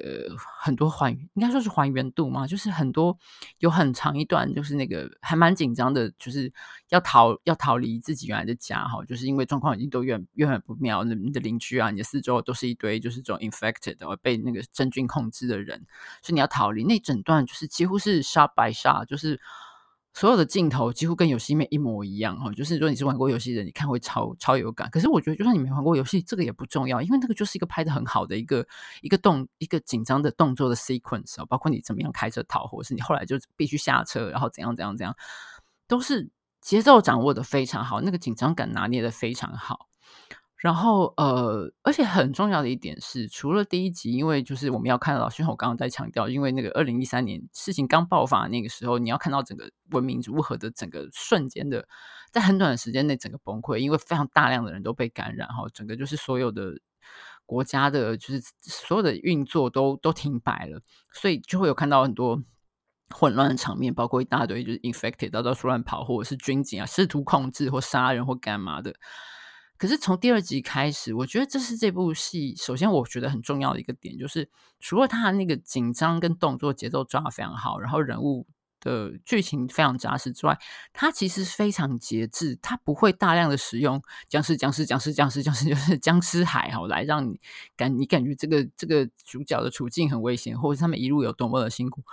很多還原應該說是還原度嘛，就是很多有很長一段，就是那個還蠻緊張的，就是要逃要逃離自己原來的家，就是因為狀況已經都越越來越不妙，你的鄰居啊，你的四周都是一堆就是這種 infected 被那個真菌控制的人，所以你要逃離那一整段就是幾乎是 shot by shot，就是。所有的鏡頭幾乎跟遊戲面一模一樣哦，就是如果你是玩過遊戲的，你看會超超有感。可是我覺得就算你沒玩過遊戲，這個也不重要，因為那個就是一個拍的很好的一個一個動一個緊張的動作的 sequence 哦，包括你怎麼樣開車逃，或者是你後來就必須下車，然後怎樣怎樣怎樣，都是節奏掌握的非常好，那個緊張感拿捏的非常好。然後，呃，而且很重要的一點是，除了第一集，因為就是我們要看到老薛，我剛剛在強調，因為那個二零一三年事情剛爆發那個時候，你要看到整個文明如何的整個瞬間的，在很短的時間內整個崩潰，因為非常大量的人都被感染，然後整個就是所有的國家的，就是所有的運作都都停擺了，所以就會有看到很多混亂的場面，包括一大堆就是 infected 到，到處亂跑，或者是軍警啊，試圖控制或殺人或幹嘛的。可是從第二集開始，我覺得這是這部戲，首先我覺得很重要的一個點，就是除了他的那個緊張跟動作節奏抓得非常好，然後人物的劇情非常扎實之外，它其實非常節制，它不會大量的使用殭屍殭屍殭屍殭屍殭屍殭屍、殭屍就是殭屍海好來讓你感你感覺這個這個主角的處境很危險，或者是他們一路有多麼的辛苦。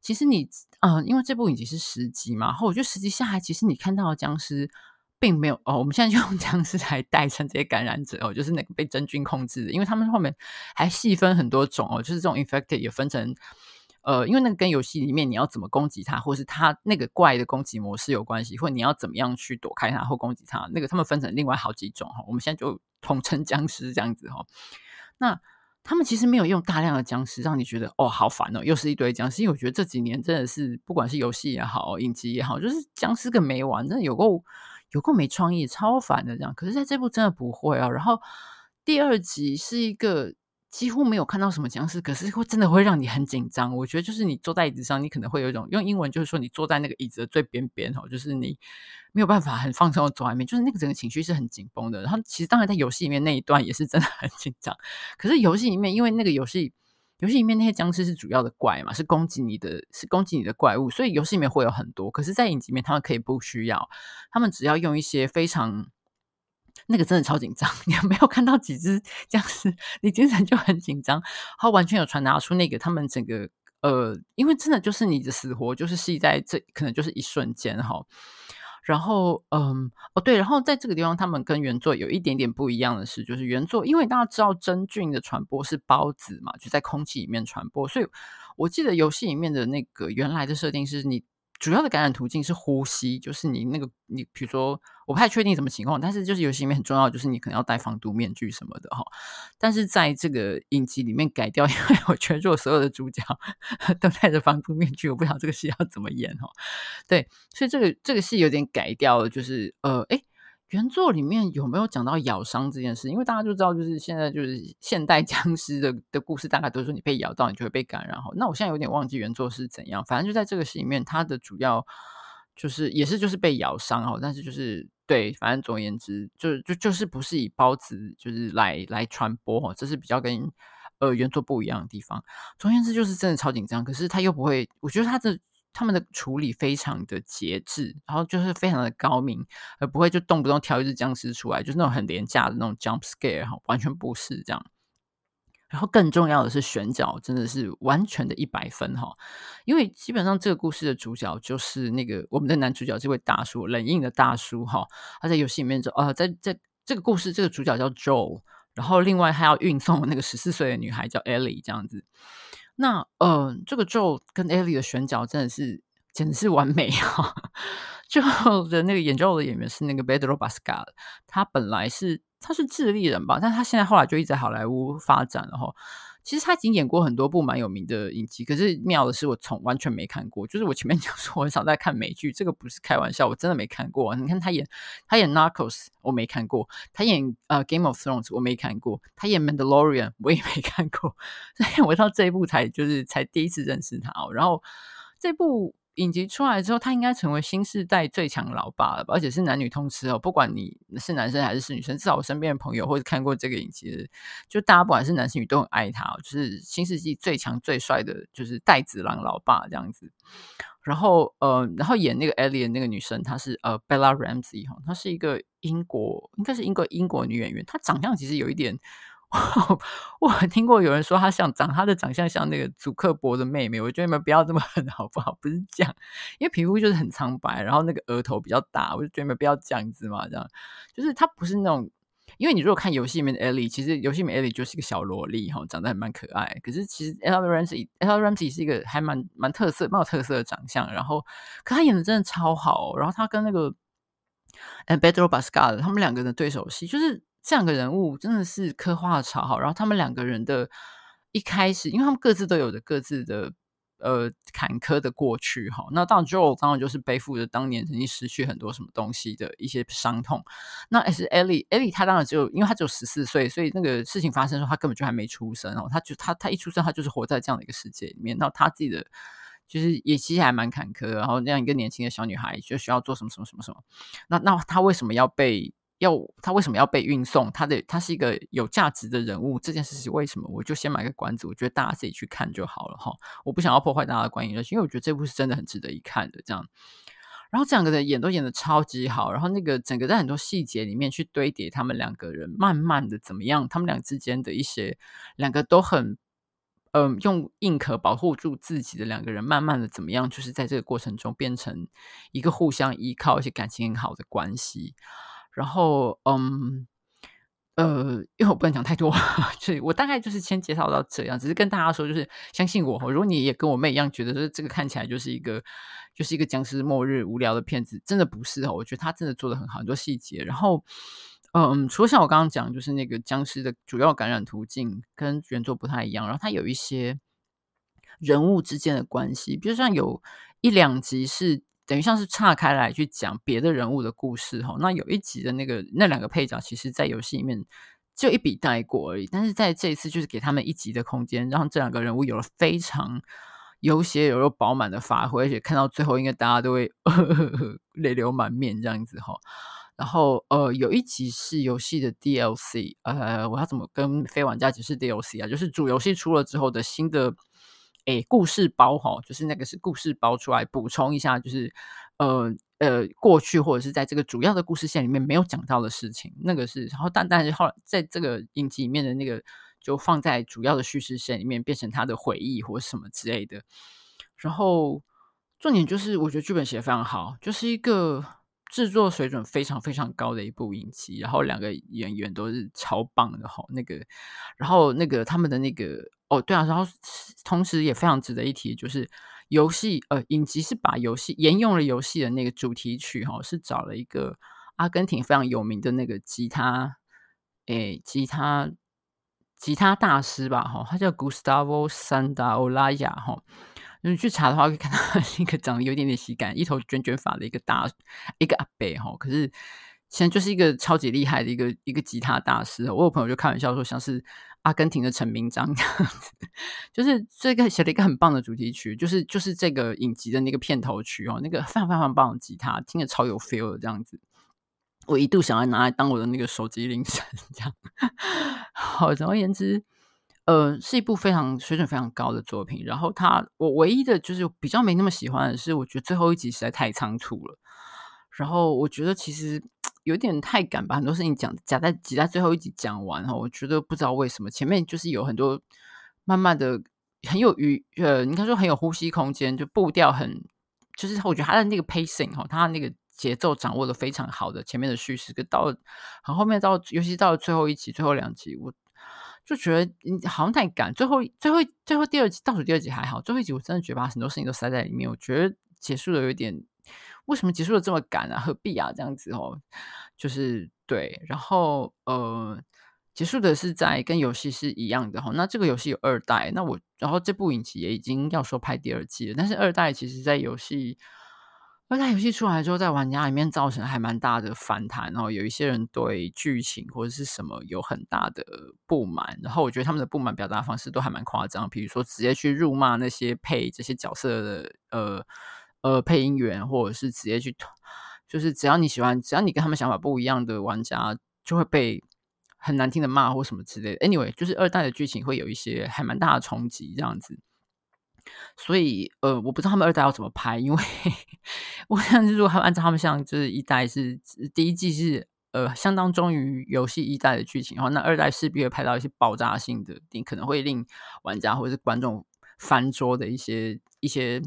其實你啊、呃，因為這部影集是十集嘛，然後我覺得十集下來，其實你看到殭屍。並沒有哦，我們現在用殭屍來代稱這些感染者哦，就是那個被真菌控制的，因為他們後面還細分很多種哦，就是這種 infected 也分成呃，因為那個跟遊戲裡面你要怎麼攻擊它，或是它那個怪的攻擊模式有關係，或者你要怎麼樣去躲開它或攻擊它，那個他們分成另外好幾種哈、哦，我們現在就統稱殭屍這樣子哈、哦。那他們其實沒有用大量的殭屍讓你覺得哦好煩哦，又是一堆殭屍，因為我覺得這幾年真的是不管是遊戲也好，影集也好，就是殭屍個沒完，真的有夠。有夠沒創意，超煩的，這樣。可是在這部真的不會啊。然後第二集是一個幾乎沒有看到什麼僵屍，可是會真的會讓你很緊張。我覺得就是你坐在椅子上，你可能會有一種用英文就是說，你坐在那個椅子的最邊邊哦，就是你沒有辦法很放鬆的走外面，就是那個整個情緒是很緊繃的。然後其實當然在遊戲裡面那一段也是真的很緊張，可是遊戲裡面因為那個遊戲。遊戲裡面那些僵屍是主要的怪嘛？是攻擊你的，是攻擊你的怪物。所以遊戲裡面會有很多，可是，在影集裡面他們可以不需要，他們只要用一些非常那個真的超緊張。你沒有看到幾隻僵屍，你精神就很緊張。他完全有傳達出那個他們整個呃，因為真的就是你的死活就是繫在這，可能就是一瞬間哈。然後，嗯，哦，對，然後在這個地方，他們跟原作有一點點不一樣的是，就是原作，因為大家知道真菌的傳播是孢子嘛，就在空氣裡面傳播，所以我記得遊戲裡面的那個原來的設定是你。主要的感染途徑是呼吸，就是你那個你，比如說，我不太確定什麼情況，但是就是遊戲裡面很重要，就是你可能要戴防毒面具什麼的哈。但是在這個影集裡面改掉，因為我覺得如果所有的主角都戴着防毒面具，我不知道這個戲要怎麼演哦。對，所以這個這個戲有點改掉了，就是呃、誒。原作裡面有沒有講到咬傷這件事？因為大家就知道，就是現在就是現代殭屍的的故事，大概都是說你被咬到，你就會被感染。哈，那我現在有點忘記原作是怎樣。反正就在這個戲裡面，它的主要就是也是就是被咬傷哦，但是就是對，反正總而言之，就是就就是不是以孢子就是來來傳播哈，這是比較跟呃原作不一樣的地方。總而言之，就是真的超緊張，可是他又不會，我覺得他的。他們的處理非常的節制，然後就是非常的高明，而不會就動不動挑一隻殭屍出來，就是那種很廉價的那種 jump scare 哈，完全不是這樣。然後更重要的是選角真的是完全的一百分哈，因為基本上這個故事的主角就是那個我們的男主角這位大叔冷硬的大叔哈，他在遊戲裡面就啊、呃，在在，在這個故事這個主角叫 Joel，然後另外他要運送那個十四歲的女孩叫 Ellie 這樣子。那，嗯、呃，這個 Joe 跟 Ellie 的選角真的是，簡直是完美啊！就 的那個演奏 的、那個、 的演員是那個 Pedro Pascal，他本來是他是智利人吧，但他現在後來就一直在好萊塢發展了哈。其實他已經演過很多部蠻有名的影集，可是妙的是我從完全沒看過。就是我前面講說我很少在看美劇，這個不是開玩笑，我真的沒看過。你看他演他演 Narcos 我沒看過，他演呃 Game of Thrones 我沒看過，他演《Mandalorian》，我也沒看過，所以我到這一部才就是才第一次認識他哦，然後這部。影集出來之後，他應該成為新世代最強老爸了，而且是男女通吃哦。不管你是男生還是是女生，至少我身邊的朋友或者看過這個影集的，就大家不管是男生女生都很愛他，哦，就是新世紀最強最帥的就是帶子狼老爸這樣子。然後，呃，然後演那個 Ellie 那個女生，她是呃 Bella Ramsey，哦，她是一個英國，應該是英國英國女演員，她長相其實有一點。 我聽過有人說，他像長他的長相像那個祖克伯的妹妹。我覺得你們不要這麼狠，好不好？不是這樣，因為皮膚就是很蒼白，然後那個額頭比較大。我就覺得你們不要這樣子嘛，這樣就是他不是那種。因為你如果看遊戲裡面的艾莉，其實遊戲裡面艾莉就是一個小蘿莉，齁，長得還蠻可愛。可是其實 Bella Ramsey Bella Ramsey 是一個還蠻蠻特色，蠻有特色的長相。然後，可她演的真的超好。然後她跟那個 a Pedro Pascal 的他們兩個人的對手戲，就是。這樣的人物真的是刻畫的超好，然後他們兩個人的一開始，因為他們各自都有着各自的呃坎坷的過去哈。那當然，Joel 當然就是背負着當年曾經失去很多什麼東西的一些傷痛。那是 Ellie Ellie 她當然只有，因為她只有十四歲，所以那個事情發生的時候，她根本就還沒出生哦。她就她她一出生，她就是活在這樣的一個世界裡面。那她自己的就是也其實還蠻坎坷。然後這樣一個年輕的小女孩，就需要做什麼什麼什麼什麼。那那她為什麼要被？要他為什麼要被運送？他的，他是一個有價值的人物，這件事是為什麼？我就先賣個關子，我覺得大家自己去看就好了哈。我不想要破壞大家的觀影，因為我覺得這部是真的很值得一看的。這樣，然後這兩個人演都演得超級好，然後那個整個在很多細節裡面去堆疊，他們兩個人慢慢的怎麼樣？他們倆之間的一些兩個都很嗯、呃、用硬殼保護住自己的兩個人，慢慢的怎麼樣？就是在這個過程中變成一個互相依靠，而且感情很好的關係。然後，嗯，呃，因為我不能講太多，所以我大概就是先介紹到這樣。只是跟大家說，就是相信我，如果你也跟我妹一樣覺得說這個看起來就是一個就是一個殭屍末日無聊的片子，真的不是哦。我覺得他真的做的很好，很多細節。然後，嗯，除了像我剛剛講，就是那個殭屍的主要感染途徑跟原作不太一樣，然後它有一些人物之間的關係，比如說像有一兩集是。等於像是岔開來去講別的人物的故事哈、哦，那有一集的那個那兩個配角，其實在遊戲裡面就一筆帶過而已，但是在這一次就是給他們一集的空間，讓這兩個人物有了非常有血有肉、飽滿的發揮，而且看到最後，應該大家都會呵呵呵淚流滿面這樣子哈、哦。然後呃，有一集是遊戲的 DLC，呃，我要怎麼跟非玩家解釋 DLC 啊？就是主遊戲出了之後的新的。哎、欸，故事包哈，就是那個是故事包出來補充一下，就是呃呃，過去或者是在這個主要的故事線裡面沒有講到的事情，那個是，然後但但是後來在這個影集裡面的那個就放在主要的敘事線裡面，變成他的回憶或什麼之類的。然後重點就是，我覺得劇本寫的非常好，就是一個製作水準非常非常高的一部影集，然後兩個演員都是超棒的哈，那個，然後那個他們的那個。哦，對啊，然後同時也非常值得一提，就是遊戲呃，影集是把遊戲沿用了遊戲的那個主題曲，哈、哦，是找了一個阿根廷非常有名的那個吉他，誒，吉他吉他大師吧，哈、哦，他叫 Gustavo Santaolalla，哈、哦，你去查的話可以看到那個長得有點點喜感，一頭卷卷髮的一個大一個阿伯。哈、哦，可是。其實就是一個超級厲害的一個一個吉他大師。我有朋友就開玩笑說，像是阿根廷的陳明章這樣子，就是這個寫了一個很棒的主題曲，就是就是這個影集的那個片頭曲哦，那個非常非常棒的吉他，聽着超有 feel 的這樣子。我一度想要拿來當我的那個手機鈴聲這樣。好，總而言之，呃，是一部非常水準非常高的作品。然後他，我唯一的就是我比較沒那麼喜歡的是，我覺得最後一集實在太倉促了。然後我覺得其實有點太趕吧，很多事情講夾在夾在最後一集講完吼，我覺得不知道為什麼前面就是有很多慢慢的很有餘呃，應該說很有呼吸空間，就步調很就是我覺得他的那個 pacing 他那個節奏掌握的非常好的前面的敘事，跟到了很後面到尤其到了最後一集，最後兩集，我就覺得好像太趕。最後最後最後第二集倒數第二集還好，最後一集我真的覺得把很多事情都塞在裡面，我覺得結束的有點。為什麼結束的這麼趕啊？何必啊？這樣子哦，就是對。然後呃，結束的是在跟遊戲是一樣的哈。那這個遊戲有二代，那我然後這部影集也已經要說拍第二季了。但是二代其實在遊戲二代遊戲出來之後，在玩家裡面造成還蠻大的反彈哦。然後有一些人對劇情或者是什麼有很大的不滿，然後我覺得他們的不滿表達方式都還蠻誇張，比如說直接去辱罵那些配這些角色的呃。呃，配音員或者是直接去，就是只要你喜歡，只要你跟他們想法不一樣的玩家，就會被很難聽的罵或什麼之類的。Anyway，就是二代的劇情會有一些還蠻大的衝擊這樣子。所以，呃，我不知道他們二代要怎麼拍，因為 我想，如果他們按照他們像就是一代是第一季是呃相當忠於遊戲一代的劇情的話，然後那二代勢必會拍到一些爆炸性的，你可能會令玩家或者是觀眾翻桌的一些。一些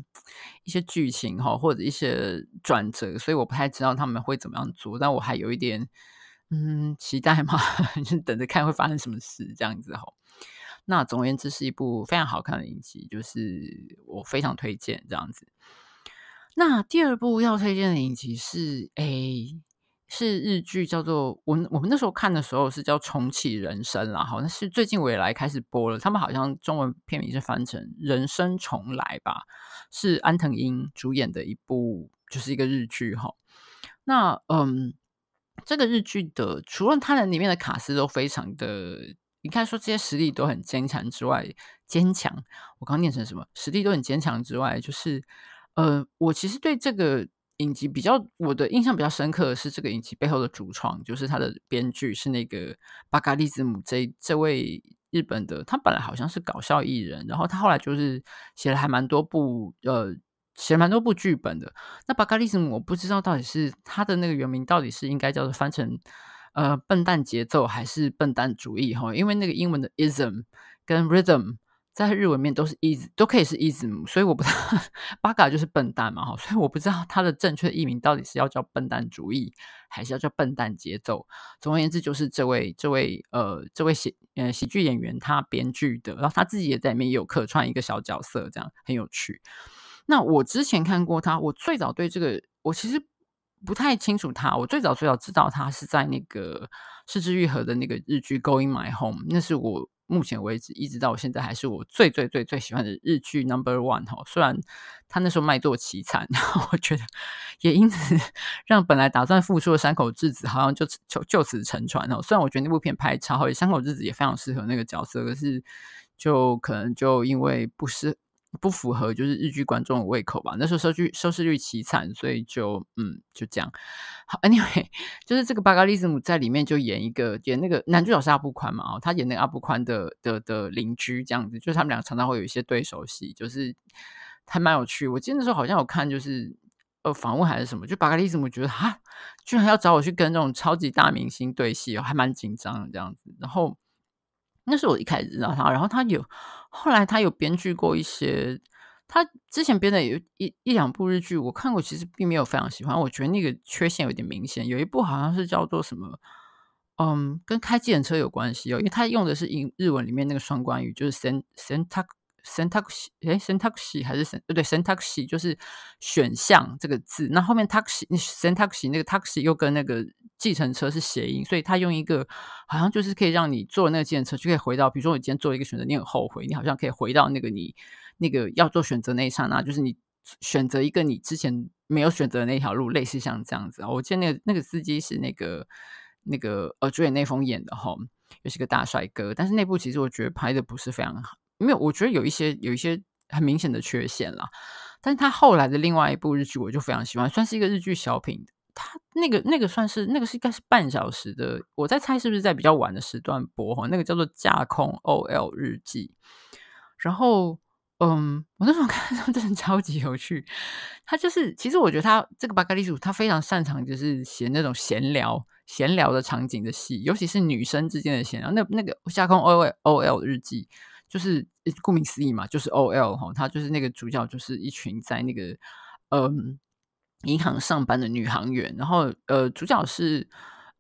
一些劇情哈、哦，或者一些轉折，所以我不太知道他們會怎麼樣做，但我還有一點嗯期待嘛，就等着看會發生什麼事這樣子哈、哦。那總而言之，是一部非常好看的影集，就是我非常推薦這樣子。那第二部要推薦的影集是 A。誒是日劇，叫做我我們那時候看的時候是叫重啟人生啦，然後那是最近我也來開始播了。他們好像中文片名是翻成《人生重來》吧,是安藤櫻主演的一部，就是一個日劇哈。那嗯，這個日劇的除了他人裡面的卡司都非常的，你看說這些實力都很堅強之外，堅強，我剛剛念成什麼？實力都很堅強之外，就是呃，我其實對這個。影集比較，我的印象比較深刻的是這個影集背後的主創，就是他的編劇是那個巴卡利茲姆這這位日本的，他本來好像是搞笑藝人，然後他後來就是寫了還蠻多部，呃，寫了蠻多部劇本的。那巴卡利茲姆我不知道到底是他的那個原名，到底是應該叫做翻成呃笨蛋節奏還是笨蛋主義哈？因為那個英文的 ism 跟 rhythm。在日文裡面都是 ism 都可以是 ism，所以我不知道，巴嘎 就是笨蛋嘛，哈，所以我不知道他的正確譯名到底是要叫笨蛋主義，還是要叫笨蛋節奏。總而言之，就是這位這位呃這位喜呃喜劇演員他編劇的，然後他自己也在裡面有客串一個小角色，這樣很有趣。那我之前看過他，我最早對這個我其實。不太清楚他，我最早最早知道他是在那個《是枝裕和》的那個日劇《Going My Home》，那是我目前為止一直到我現在還是我最最最最，最喜歡的日劇 Number One 哈。雖然他那時候賣座淒慘，我覺得也因此讓本來打算復出的山口智子好像就就就，就此沉船哦。雖然我覺得那部片拍超好，山口智子也非常適合那個角色，可是就可能就因為不適。不符合就是日劇觀眾的胃口吧，那時候收劇收視率淒慘，所以就嗯就這樣。好，Anyway，就是這個巴嘎利斯姆在裡面就演一個演那個男主角是阿部寬嘛，哦，他演那個阿部寬的的的，的鄰居這樣子，就是他們倆常常會有一些對手戲，就是還蠻有趣。我記得那時候好像有看就是呃訪問還是什麼，就巴嘎利斯姆覺得啊，居然要找我去跟那種超級大明星對戲，哦，還蠻緊張的這樣子，然後。那是我一開始知道他，然後他有後來他有編劇過一些，他之前編的有一一兩部日劇我看過，其實並沒有非常喜歡，我覺得那個缺陷有點明顯。有一部好像是叫做什麼，嗯，跟開計程車有關係，因為他用的是英日文裡面那個雙關語，就是先先他。syntax 哎，syntax 還是對 syntax 就是選項這個字。那後，後面 taxi、syntax 那個 taxi 又跟那個計程車是諧音，所以他用一個好像就是可以讓你坐那個計程車就可以回到，比如說我今天做一個選擇，你很後悔，你好像可以回到那個你那個要做選擇那一剎那，就是你選擇一個你之前沒有選擇的那條路，類似像這樣子。我記得那個那個司機是那個那個呃主演那封演的哈，也、哦、是個大帥哥，但是那部其實我覺得拍的不是非常好。沒有，我覺得有一些有一些很明顯的缺陷啦。但是他後來的另外一部日劇，我就非常喜歡，算是一個日劇小品。他那個那個算是那個是應該是半小時的，我在猜是不是在比較晚的時段播齁。那個叫做《架空 OL 日記》，然後嗯，我那時候看真的超級有趣。他就是，其實我覺得他這個巴克利組，他非常擅長就是寫那種閒聊、閒聊的場景的戲，尤其是女生之間的閒聊。那那個《架空 o OL, OL 日記》。就是顧名思義嘛，就是 OL 哈、哦，他就是那個主角，就是一群在那個嗯、呃、銀行上班的女行員。然後呃，主角是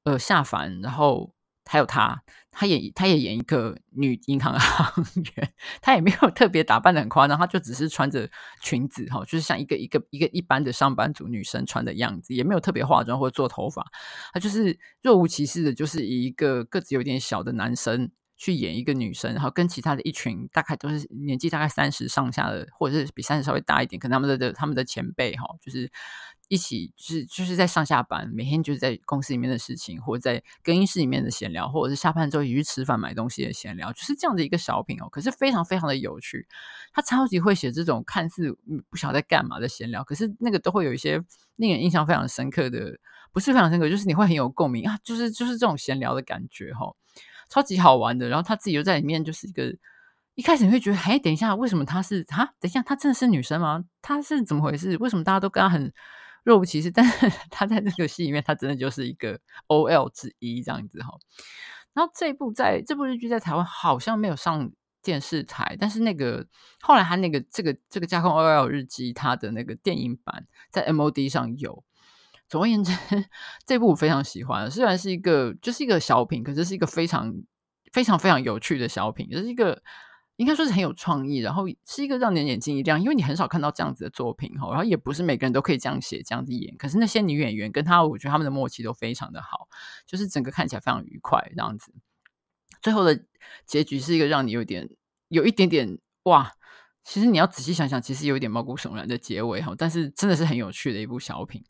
呃夏帆，然後還有他，他也他也演一個女銀行的行員，他也沒有特別打扮的很誇張，他就只是穿着裙子哈、哦，就是像一個一個一個一般的上班族女生穿的樣子，也沒有特別化妝或者做頭髮，他就是若無其事的，就是一個個子有點小的男生，去演一個女生，然後跟其他的一群大概都是年紀大概三十上下的，或者是比三十稍微大一點，跟他們的他們的前輩哈，就是一起，就是就是在上下班，每天就是在公司裡面的事情，或者在更衣室裡面的閒聊，或者是下班之後一起去吃飯、買東西的閒聊，就是這樣的一個小品哦。可是非常非常的有趣，他超級會寫這種看似不曉得在幹嘛的閒聊，可是那個都會有一些令人印象非常深刻的，不是非常深刻，就是你會很有共鳴啊，就是就是這種閒聊的感覺哈。超級好玩的，然後他自己就在裡面，就是一個一開始你會覺得，哎，等一下，為什麼他是啊？等一下，他真的是女生嗎？他是怎麼回事？為什麼大家都跟他很若無其事？但是他在那個戲裡面，他真的就是一個 OL 之一這樣子哈。然後這部在這部日劇在台灣好像沒有上電視台，但是那個後來他那個這個這個架空 OL 日記，它的那個電影版在 MOD 上有。總而言之，這部我非常喜歡。雖然是一個，就是一個小品，可是是一個非常、非常、非常有趣的小品，也就是一個應該說是很有創意，然後是一個讓你的眼睛一亮，因為你很少看到這樣子的作品，然後也不是每個人都可以這樣寫這樣子演，可是那些女演員跟他，我覺得他們的默契都非常的好，就是整個看起來非常愉快這樣子。最後的結局是一個讓你有點有一點點哇，其實你要仔細想想，其實有一點毛骨悚然的結尾，但是真的是很有趣的一部小品。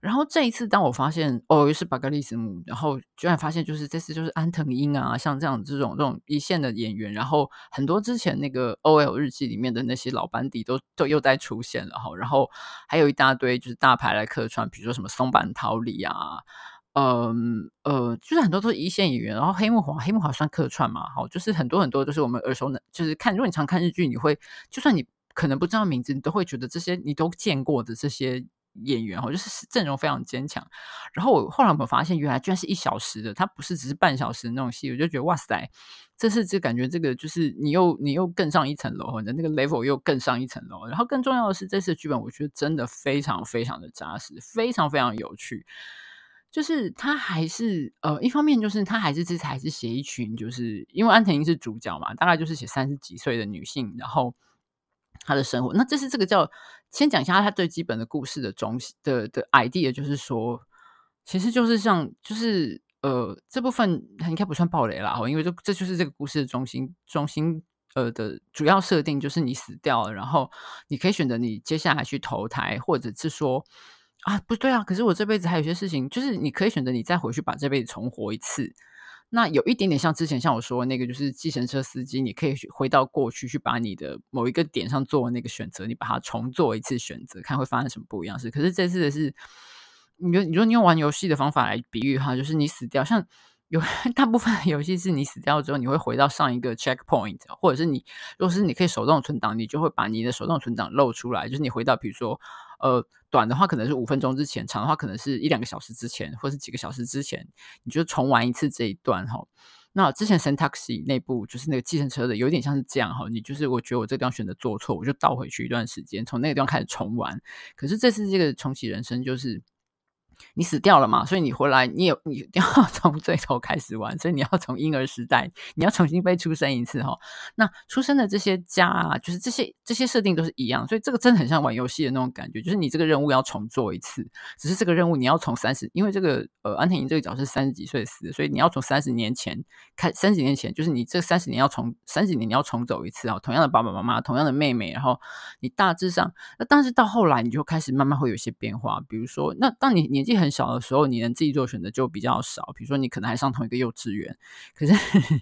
然後這一次，當我發現哦，又是巴格利斯姆，然後居然發現就是這次就是安藤櫻啊，像這樣這種這種一線的演員，然後很多之前那個《OL 日記》裡面的那些老班底都都又在出現了，然後還有一大堆就是大牌來客串，比如說什麼松坂桃李啊，嗯呃，就是很多都是一線演員，然後黑木華，黑木華算客串嘛？好，就是很多很多都是我們耳熟能，就是看如果你常看日劇，你會就算你可能不知道名字，你都會覺得這些你都見過的這些演員或就是陣容非常堅強。然後我後來我們發現，原來居然是一小時的，它不是只是半小時的那種戲，我就覺得哇塞，這次就感覺，這個就是你又你又更上一層樓，你的那個 level 又更上一層樓。然後更重要的是，這次的劇本我覺得真的非常非常的扎實，非常非常有趣。就是他還是呃，一方面就是他還是這次還是寫一群，就是因為安藤櫻是主角嘛，大概就是寫三十幾歲的女性，然後，他的生活，那這是這個叫先講一下他最基本的故事的中心的的 idea，就是說，其實就是像就是呃這部分應該不算暴雷啦，因為這這就是這個故事的中心中心呃的主要設定，就是你死掉了，然後你可以選擇你接下來去投胎，或者是說啊不對啊，可是我這輩子還有些事情，就是你可以選擇你再回去把這輩子重活一次。那有一點點像之前像我說的那個，就是計程車司機，你可以去回到過去，去把你的某一個點上做的那個選擇，你把它重做一次選擇，看會發生什麼不一樣的事，可是這次的是，你說你說你用玩遊戲的方法來比喻哈，就是你死掉，像有大部分遊戲是你死掉之後，你會回到上一個 checkpoint，或者是你如果是你可以手動存檔，你就會把你的手動存檔露出來，就是你回到比如說。呃，短的話可能是五分鐘之前，長的話可能是一兩個小時之前，或是幾個小時之前，你就重玩一次這一段哈、哦。那之前 Syntax 內部就是那個計程車的，有點像是這樣哈、哦。你就是我覺得我這段選擇做錯，我就倒回去一段時間，從那段開始重玩。可是這次這個重啟人生就是。你死掉了嘛？所以你回來你也，你有你要從最頭開始玩，所以你要從嬰兒時代，你要重新被出生一次哈。那出生的這些家啊，就是這些這些設定都是一樣，所以這個真的很像玩遊戲的那種感覺，就是你這個任務要重做一次，只是這個任務你要從三十，因為這個呃安田銀這個角色是三十幾歲死，所以你要從三十年前開，三十年前就是你這三十年要從三十年你要重走一次啊。同樣的爸爸媽媽，同樣的妹妹，然後你大致上，那但是到後來你就開始慢慢會有一些變化，比如說那當你，你年紀，很小的時候，你能自己做的選擇就比較少。比如說，你可能還上同一個幼稚園，可是呵呵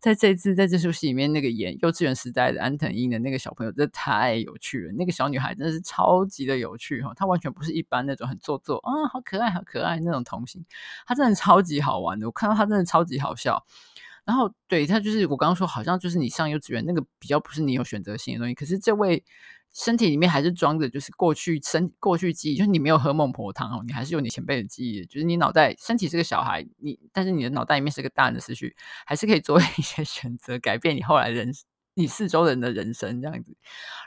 在這次在這出戲裡面，那個演幼稚園時代的安藤櫻的那個小朋友，真的太有趣了。那個小女孩真的是超級的有趣，她完全不是一般那種很做作啊、哦，好可愛，好可愛那種童心。她真的超級好玩的，我看到她真的超級好笑。然後對，她就是我剛剛說，好像就是你上幼稚園那個比較不是你有選擇性的東西。可是這位。身體裡面還是裝着，就是過去生過去記憶，就是你沒有喝孟婆湯，你還是有你前輩的記憶，就是你腦袋身體是個小孩，你但是你的腦袋裡面是個大人的思緒，還是可以做一些選擇，改變你後來人你四周人的人生這樣子。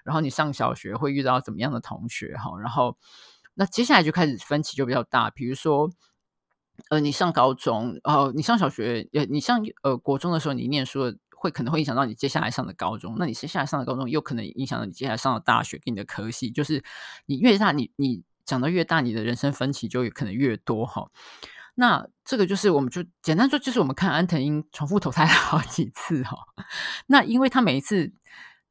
然後你上小學會遇到怎麼樣的同學哈，然後那接下來就開始分歧就比較大，比如說呃你上高中哦，呃，你上小學呃你上呃國中的時候你念書。會可能會影響到你接下來上的高中，那你接下來上的高中又可能影響到你接下來上的大學跟你的科系，就是你越大，你你長得越大，你的人生分歧就可能越多哈。那這個就是我們就簡單說，就是我們看安藤櫻重複投胎了好幾次哈。那因為他每一次，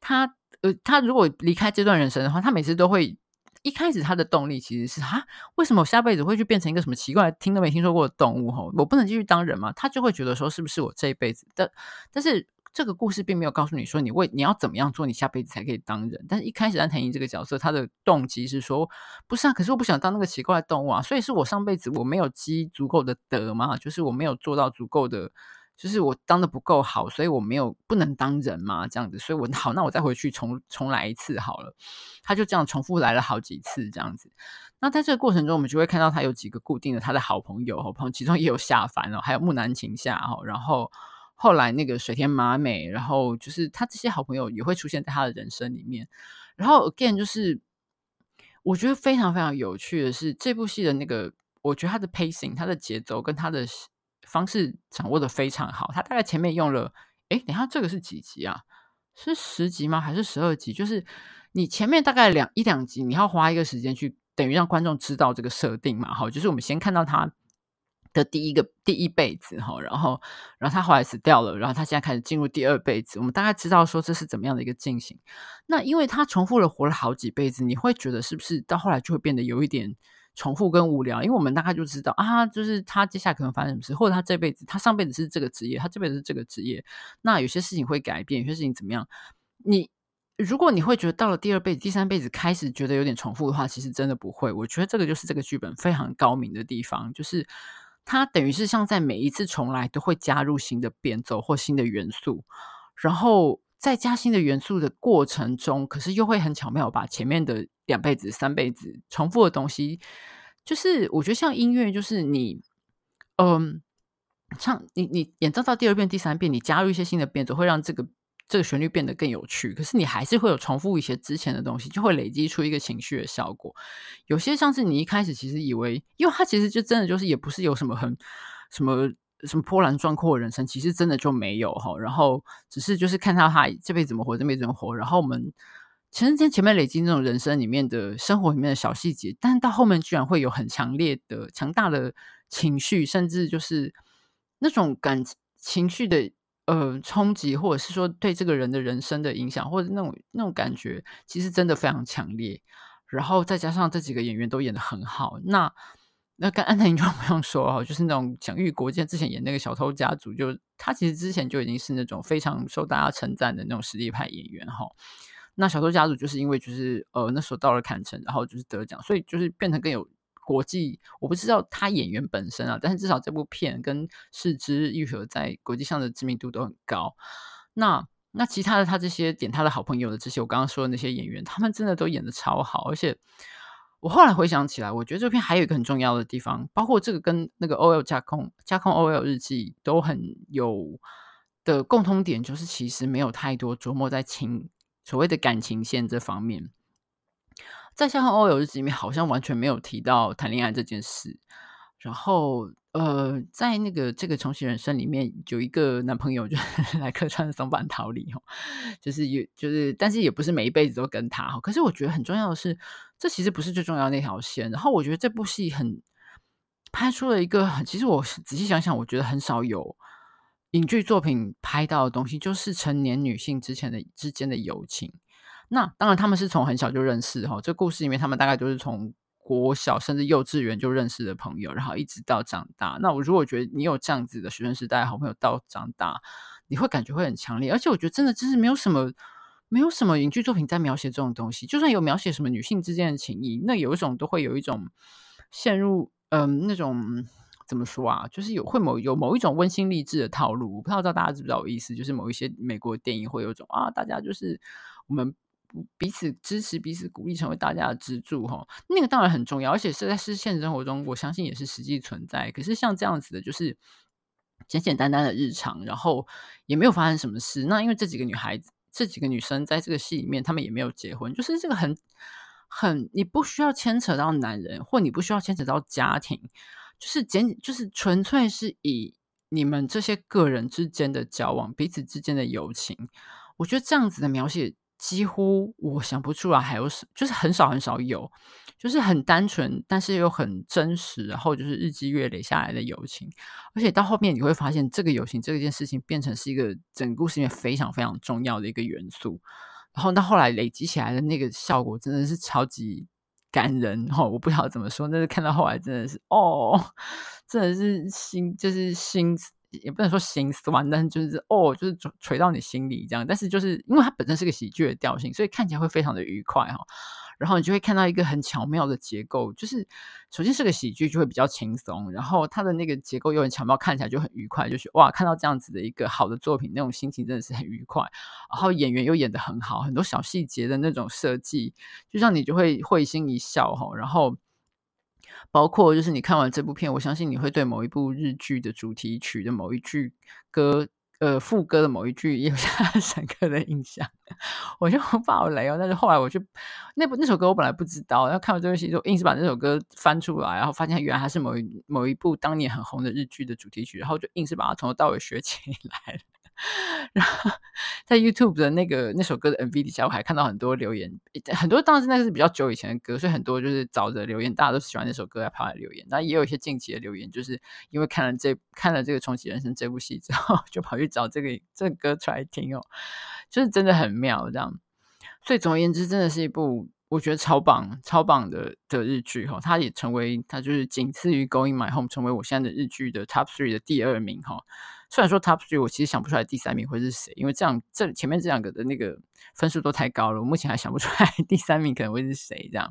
他呃，他如果離開這段人生的話，他每次都會一開始他的動力其實是啊，為什麼我下輩子會去變成一個什麼奇怪聽都沒聽說過的動物哈？我不能繼續當人嘛？他就會覺得說，是不是我這一輩子的，但是。這個故事並沒有告訴你說，你為你要怎麼樣做，你下輩子才可以當人。但是一開始安藤櫻這個角色，他的動機是說，不是啊，可是我不想當那個奇怪的動物啊，所以是我上輩子我沒有積足夠的德嘛，就是我沒有做到足夠的，就是我當得不夠好，所以我沒有不能當人嘛，這樣子，所以我好，那我再回去重重來一次好了。他就這樣重複來了好幾次這樣子。那在這個過程中，我們就會看到他有幾個固定的他的好朋友，好朋友，其中也有夏帆哦，還有木南晴夏哦，然後。後來那個水天麻美，然後就是他這些好朋友也會出現在他的人生裡面。然後 again，就是我覺得非常非常有趣的是，這部戲的那個，我覺得他的 pacing，他的節奏跟他的方式掌握得非常好。他大概前面用了，誒，等一下這個是幾集啊？是十集嗎？還是十二集？就是你前面大概兩一兩集，你要花一個時間去，等於讓觀眾知道這個設定嘛。好，就是我們先看到他。的第一個第一輩子，吼，然後，然後他後來死掉了，然後他現在開始進入第二輩子。我們大概知道說這是怎麼樣的一個進行。那因為他重複了活了好幾輩子，你會覺得是不是到後來就會變得有一點重複跟無聊？因為我們大概就知道啊，就是他接下來可能發生什麼事，或者他這輩子他上輩子是這個職業，他這輩子是這個職業。那有些事情會改變，有些事情怎麼樣？你如果你會覺得到了第二輩子、第三輩子開始覺得有點重複的話，其實真的不會。我覺得這個就是這個劇本非常高明的地方，就是。它等於是像在每一次重來都會加入新的變奏或新的元素，然後在加新的元素的過程中，可是又會很巧妙把前面的兩輩子、三輩子重複的東西，就是我覺得像音樂，就是你，嗯，唱你你演奏到第二遍、第三遍，你加入一些新的變奏，會讓這個。這個旋律變得更有趣，可是你還是會有重複一些之前的東西，就會累積出一個情緒的效果。有些像是你一開始其實以為，因為他其實就真的就是也不是有什麼很什麼什麼波瀾壯闊的人生，其實真的就沒有吼。然後只是就是看到他這輩子怎麼活，這輩子怎麼活。然後我們其實在前面累積那種人生裡面的生活裡面的小細節，但到後面居然會有很強烈的、強大的情緒，甚至就是那種感情緒的。呃，衝擊或者是說，對這個人的人生的影響，或者那種那種感覺，其實真的非常強烈。然後再加上這幾個演員都演得很好，那那跟安藤櫻就不用說哦，就是那種享譽國際，他之前演那個《小偷家族》，就他其實之前就已經是那種非常受大家稱讚的那種實力派演員哈。那《小偷家族》就是因為就是呃那時候到了坎城，然後就是得獎，所以就是變成更有。國際，我不知道他演員本身啊，但是至少這部片跟是枝裕和在國際上的知名度都很高。那那其他的他這些點，他的好朋友的這些，我剛剛說的那些演員，他們真的都演得超好。而且我後來回想起來，我覺得這片還有一個很重要的地方，包括這個跟那個 OL 架空《OL 架空》《架空 OL 日記》都很有，的共通點就是，其實沒有太多琢磨在情所謂的感情線這方面。在《架空 OL 日記》裡面，好像完全沒有提到談戀愛這件事。然後，呃，在那個這個重啟人生裡面，有一個男朋友就來客串松坂桃李哦，就是有，就是，但是也不是每一輩子都跟他哈。可是我覺得很重要的是，這其實不是最重要的那條線。然後我覺得這部戲很拍出了一個，其實我仔細想想，我覺得很少有影劇作品拍到的東西，就是成年女性之前的之間的友情。那當然，他們是從很小就認識哈。這故事裡面，他們大概都是從國小甚至幼稚園就認識的朋友，然後一直到長大。那我如果覺得你有這樣子的學生時代好朋友到長大，你會感覺會很強烈。而且我覺得真的就是沒有什麼，沒有什麼影劇作品在描寫這種東西。就算有描寫什麼女性之間的情誼，那有一種都會有一種陷入嗯、呃、那種怎麼說啊？就是有會某有某一種溫馨勵志的套路。我不知道大家知不知道我意思，就是某一些美國電影會有種啊，大家就是我們。彼此支持，彼此鼓勵，成為大家的支柱，哈，那個當然很重要，而且是在是現實生活中，我相信也是實際存在。可是像這樣子的，就是簡簡單單的日常，然後也沒有發生什麼事。那因為這幾個女孩子，這幾個女生在這個戲裡面，她們也沒有結婚，就是這個很很，你不需要牽扯到男人，或你不需要牽扯到家庭，就是簡，就是純粹是以你們這些個人之間的交往，彼此之間的友情，我覺得這樣子的描寫。幾乎我想不出來還有什，就是很少很少有，就是很單純，但是又很真實，然後就是日積月累下來的友情，而且到後面你會發現，這個友情這件事情變成是一個整個故事裡面非常非常重要的一個元素，然後到後來累積起來的那個效果真的是超級感人哦！我不知道怎麼說，但是看到後來真的是哦、oh，真的是心就是心。也不能說心酸，但就是哦，就是垂、oh, 到你心裡這樣。但是就是因為它本身是個喜劇的調性，所以看起來會非常的愉快哈。然後你就會看到一個很巧妙的結構，就是首先是個喜劇，就會比較輕鬆。然後它的那個結構又很巧妙，看起來就很愉快。就是哇，看到這樣子的一個好的作品，那種心情真的是很愉快。然後演員又演得很好，很多小細節的那種設計，就像你就會會心一笑哈。然後。包括就是你看完這部片，我相信你會對某一部日劇的主題曲的某一句歌，呃，副歌的某一句留下深刻的印象。我就怕我爆雷哦，但是後來我就那部那首歌我本來不知道，然後看完這部戲之後，硬是把那首歌翻出來，然後發現原來它是某一某一部當年很紅的日劇的主題曲，然後就硬是把它從頭到尾學起來然後在 YouTube 的那個那首歌的 MV 底下，我還看到很多留言，很多當時那是比較久以前的歌，所以很多就是找着留言，大家都喜歡那首歌來跑來留言。那也有一些近期的留言，就是因為看了這看了這個《重啟人生》這部戲之後，就跑去找這個這個歌出來聽哦，就是真的很妙這樣。所以總而言之，真的是一部我覺得超棒超棒的的日劇哈，它也成為它就是僅次於《Going My Home》成為我現在的日劇的 Top Three 的第二名哈。雖然說 Top Three，我其實想不出來第三名會是誰，因為這樣這前面這兩個的那個分數都太高了，我目前還想不出來第三名可能會是誰。這樣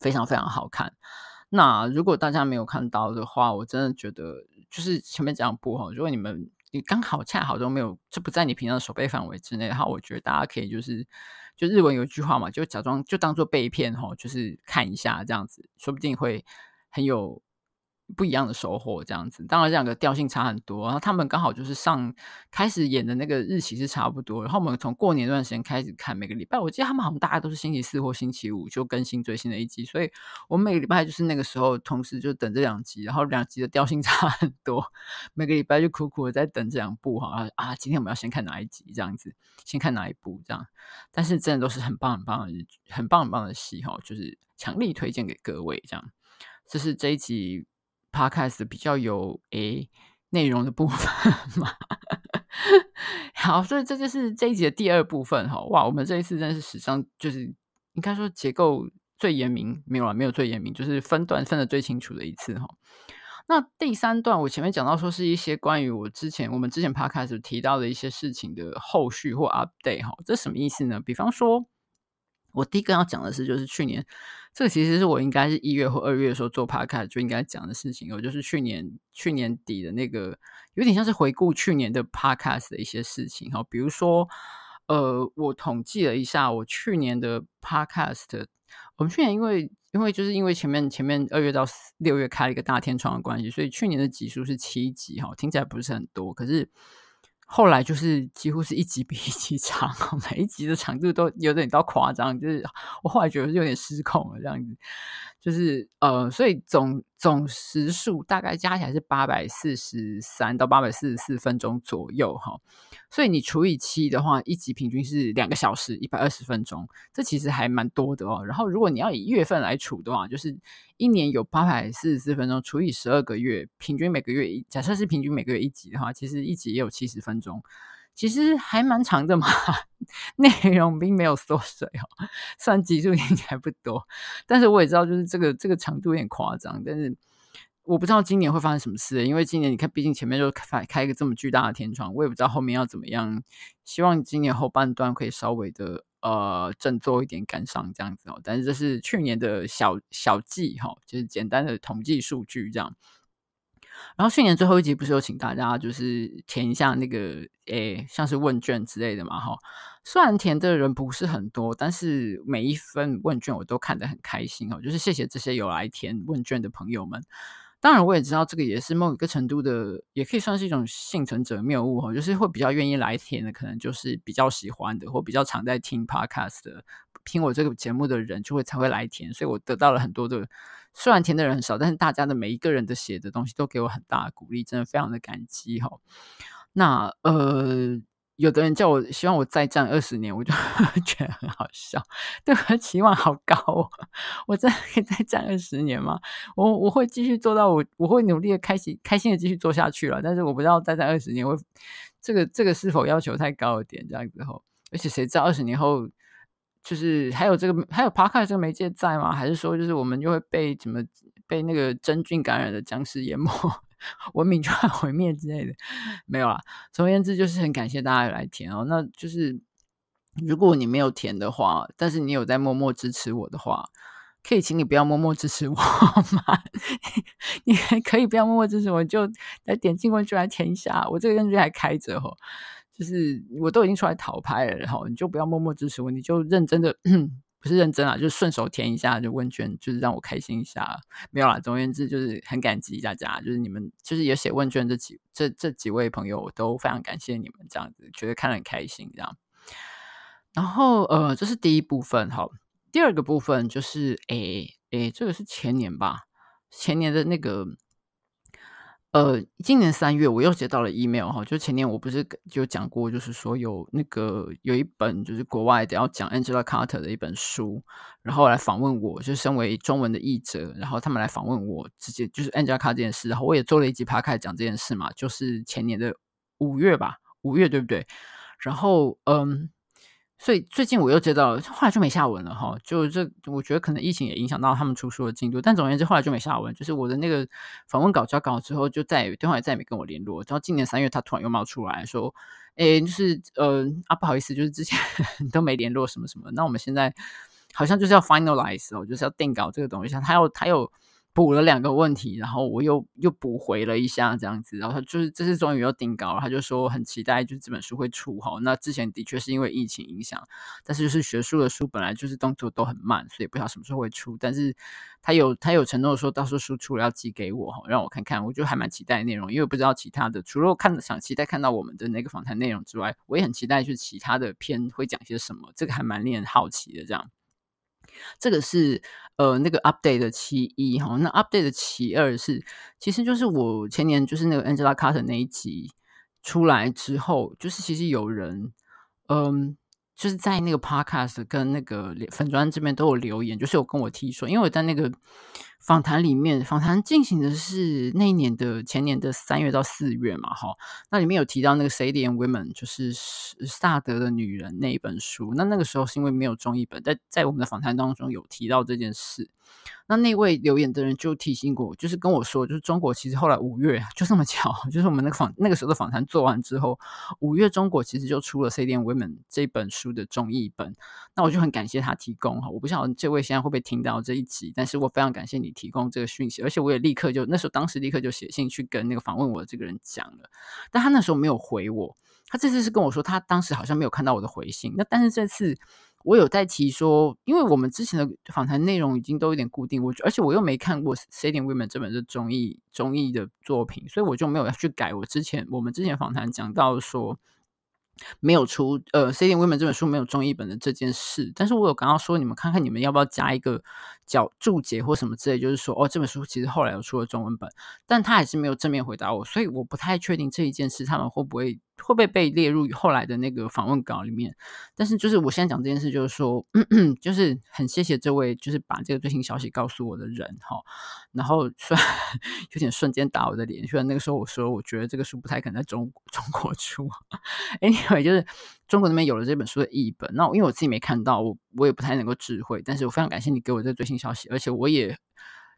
非常非常好看。那如果大家沒有看到的話，我真的覺得就是前面這兩部，哦，如果你們你剛好恰好都沒有，這不在你平常的守備範圍之內的話，然後我覺得大家可以就是就日文有一句話嘛，就假裝就當做被騙吼，哦，就是看一下這樣子，說不定會很有。不一樣的收穫，這樣子。當然，這兩個調性差很多。然後他們剛好就是上開始演的那個日期是差不多。然後我們從過年那段時間開始看，每個禮拜，我記得他們好像大家都是星期四或星期五就更新最新的一集。所以我每個禮拜就是那個時候，同時就等這兩集。然後兩集的調性差很多，每個禮拜就苦苦的在等這兩部好像啊。今天我們要先看哪一集？這樣子，先看哪一部？這樣。但是真的都是很棒很棒的，很棒很棒的戲哈，就是強力推薦給各位這樣。這是這一集。Podcast 比較有誒內容的部分嘛， 好，所以這就是這一集的第二部分哈。哇，我們這一次真的是史上就是應該說結構最嚴明，沒有沒有最嚴明，就是分段分的最清楚的一次哈。那第三段我前面講到說是一些關於我之前我們之前 Podcast 提到的一些事情的後續或 update 哈，這是什麼意思呢？比方說，我第一個要講的是就是去年。這個其實是我應該是一月或二月的時候做 podcast 就應該講的事情，我就是去年去年底的那個，有點像是回顧去年的 podcast 的一些事情哈，比如說，呃，我統計了一下我去年的 podcast，我們去年因為因為就是因為前面前面二月到六月開一個大天窗的關係，所以去年的集數是七集哈，聽起來不是很多，可是。後來就是幾乎是一集比一集長，每一集的長度都有點到誇張，就是我後來覺得是有點失控了，這樣子，就是呃，所以總。總時數大概加起來是八百四十三到八百四十四分鐘左右哈，所以你除以七的話，一集平均是兩個小時一百二十分鐘，這其實還蠻多的哦。然後如果你要以月份來除的話，就是一年有八百四十四分鐘除以十二個月，平均每個月，假設是平均每個月一集的話，其實一集也有七十分鐘。其實還蠻長的嘛，內容並沒有縮水哦，算集數應該不多，但是我也知道就是這個這個長度有點誇張，但是我不知道今年會發生什麼事，因為今年你看，畢竟前面就開開一個這麼巨大的天窗，我也不知道後面要怎麼樣，希望今年後半段可以稍微的呃振作一點，趕上這樣子哦，但是這是去年的小小記哈、哦，就是簡單的統計數據這樣。然後去年最後一集不是有請大家就是填一下那個誒像是問卷之類的嘛哈，雖然填的人不是很多，但是每一份問卷我都看得很開心哦，就是謝謝這些有來填問卷的朋友們。當然我也知道這個也是某一個程度的，也可以算是一種倖存者謬誤哈，就是會比較願意來填的，可能就是比較喜歡的或比較常在聽 Podcast 的、聽我這個節目的人就會才會來填，所以我得到了很多的。雖然填的人很少，但是大家的每一個人的寫的東西都給我很大的鼓勵，真的非常的感激哈、哦。那呃，有的人叫我希望我再站二十年，我就覺得很好笑，對我，期望好高、哦、我真的可以再站二十年嗎？我我會繼續做到，我我會努力的開心開心的繼續做下去了。但是我不知道再站二十年，我這個這個是否要求太高一點？這樣子吼、哦，而且誰知道二十年後？就是還有這個，還有 Podcast 這個媒介在嗎？還是說就是我們就會被怎麼被那個真菌感染的殭屍淹沒，文明就要毀滅之類的？沒有啦，總而言之就是很感謝大家來填哦、喔。那就是如果你沒有填的話，但是你有在默默支持我的話，可以請你不要默默支持我嗎？ 你可以不要默默支持我，就來點進問卷來填一下。我這個問卷還開着哦。就是我都已經出來討拍了，然後你就不要默默支持我，你就認真的，不是認真啊，就是順手填一下就問卷，就是讓我開心一下。沒有啦，總而言之就是很感激大家，就是你們就是有寫問卷這幾這這幾位朋友，都非常感謝你們這樣子，覺得看了很開心這樣。然後呃，這是第一部分，哈，第二個部分就是誒誒，這個是前年吧，前年的那個。呃，今年三月我又接到了 email 哈，就前年我不是就講過，就是說有那個有一本就是國外的要講 Angela Carter 的一本書，然後來訪問我，就身為中文的譯者，然後他們來訪問我直接就是 Angela Carter 這件事，然後我也做了一集 podcast 講這件事嘛，就是前年的五月吧，五月對不對？然後嗯。所以最近我又接到，後來就沒下文了哈。就這，我覺得可能疫情也影響到他們出書的進度。但總言之，後來就沒下文。就是我的那個訪問稿交稿之後，就再也，對方也再也沒跟我聯絡。然後今年三月，他突然又冒出來說：“哎、欸，就是呃啊，不好意思，就是之前呵呵都沒聯絡什麼什麼。那我們現在好像就是要 finalize，我、哦、就是要定稿這個東西。他又他又。有”補了兩個問題，然後我又又補回了一下這樣子，然後他就是這次終於要定稿了，他就說很期待，就是這本書會出哈。那之前的確是因為疫情影響，但是就是學術的書本來就是動作都很慢，所以不知道什麼時候會出。但是他有他有承諾說，到時候書出了要寄給我讓我看看。我就還蠻期待內容，因為不知道其他的，除了我看想期待看到我們的那個訪談內容之外，我也很期待就是其他的篇會講些什麼，這個還蠻令人好奇的這樣。這個是呃、那個 update 的其一哈，那 update 的其二是，其實就是我前年就是那個 Angela Carter 那一集出來之後，就是其實有人嗯，就是在那個 podcast 跟那個粉專這邊都有留言，就是有跟我提說，因為我在那個。訪談裡面，訪談進行的是那一年的前年的三月到四月嘛，哈，那裡面有提到那個《Sadeian Women》，就是薩德的女人那一本書。那那個時候是因為沒有中譯本，在在我們的訪談當中有提到這件事。那那位留言的人就提醒過就是跟我說，就是中國其實後來五月就這麼巧，就是我們那個訪那個時候的訪談做完之後，五月中國其實就出了《Sadeian Women》這本書的中譯本。那我就很感謝他提供哈。我不知道這位現在會不會聽到這一集，但是我非常感謝你。提供這個訊息，而且我也立刻就那時候當時立刻就寫信去跟那個訪問我的這個人講了，但他那時候沒有回我，他這次是跟我說他當時好像沒有看到我的回信，那但是這次我有在提說，因為我們之前的訪談內容已經都有點固定，我而且我又沒看過《Celine Women》這本是綜藝綜藝的作品，所以我就沒有要去改我之前我們之前訪談講到說沒有出呃《Celine Women》這本書沒有中譯本的這件事，但是我有剛剛說你們看看你們要不要加一個。叫註解或什麼之類，就是說哦，這本書其實後來有出了中文本，但他還是沒有正面回答我，所以我不太確定這一件事他們會不會會不會被列入後來的那個訪問稿裡面。但是就是我現在講這件事，就是說咳咳，就是很謝謝這位就是把這個最新消息告訴我的人哈、哦。然後雖然有點瞬間打我的臉，雖然那個時候我說我覺得這個書不太可能在中中國出啊，anyway 就是。中國那邊有了這本書的譯本，那因為我自己沒看到，我我也不太能夠置喙，但是我非常感謝你給我這最新消息，而且我也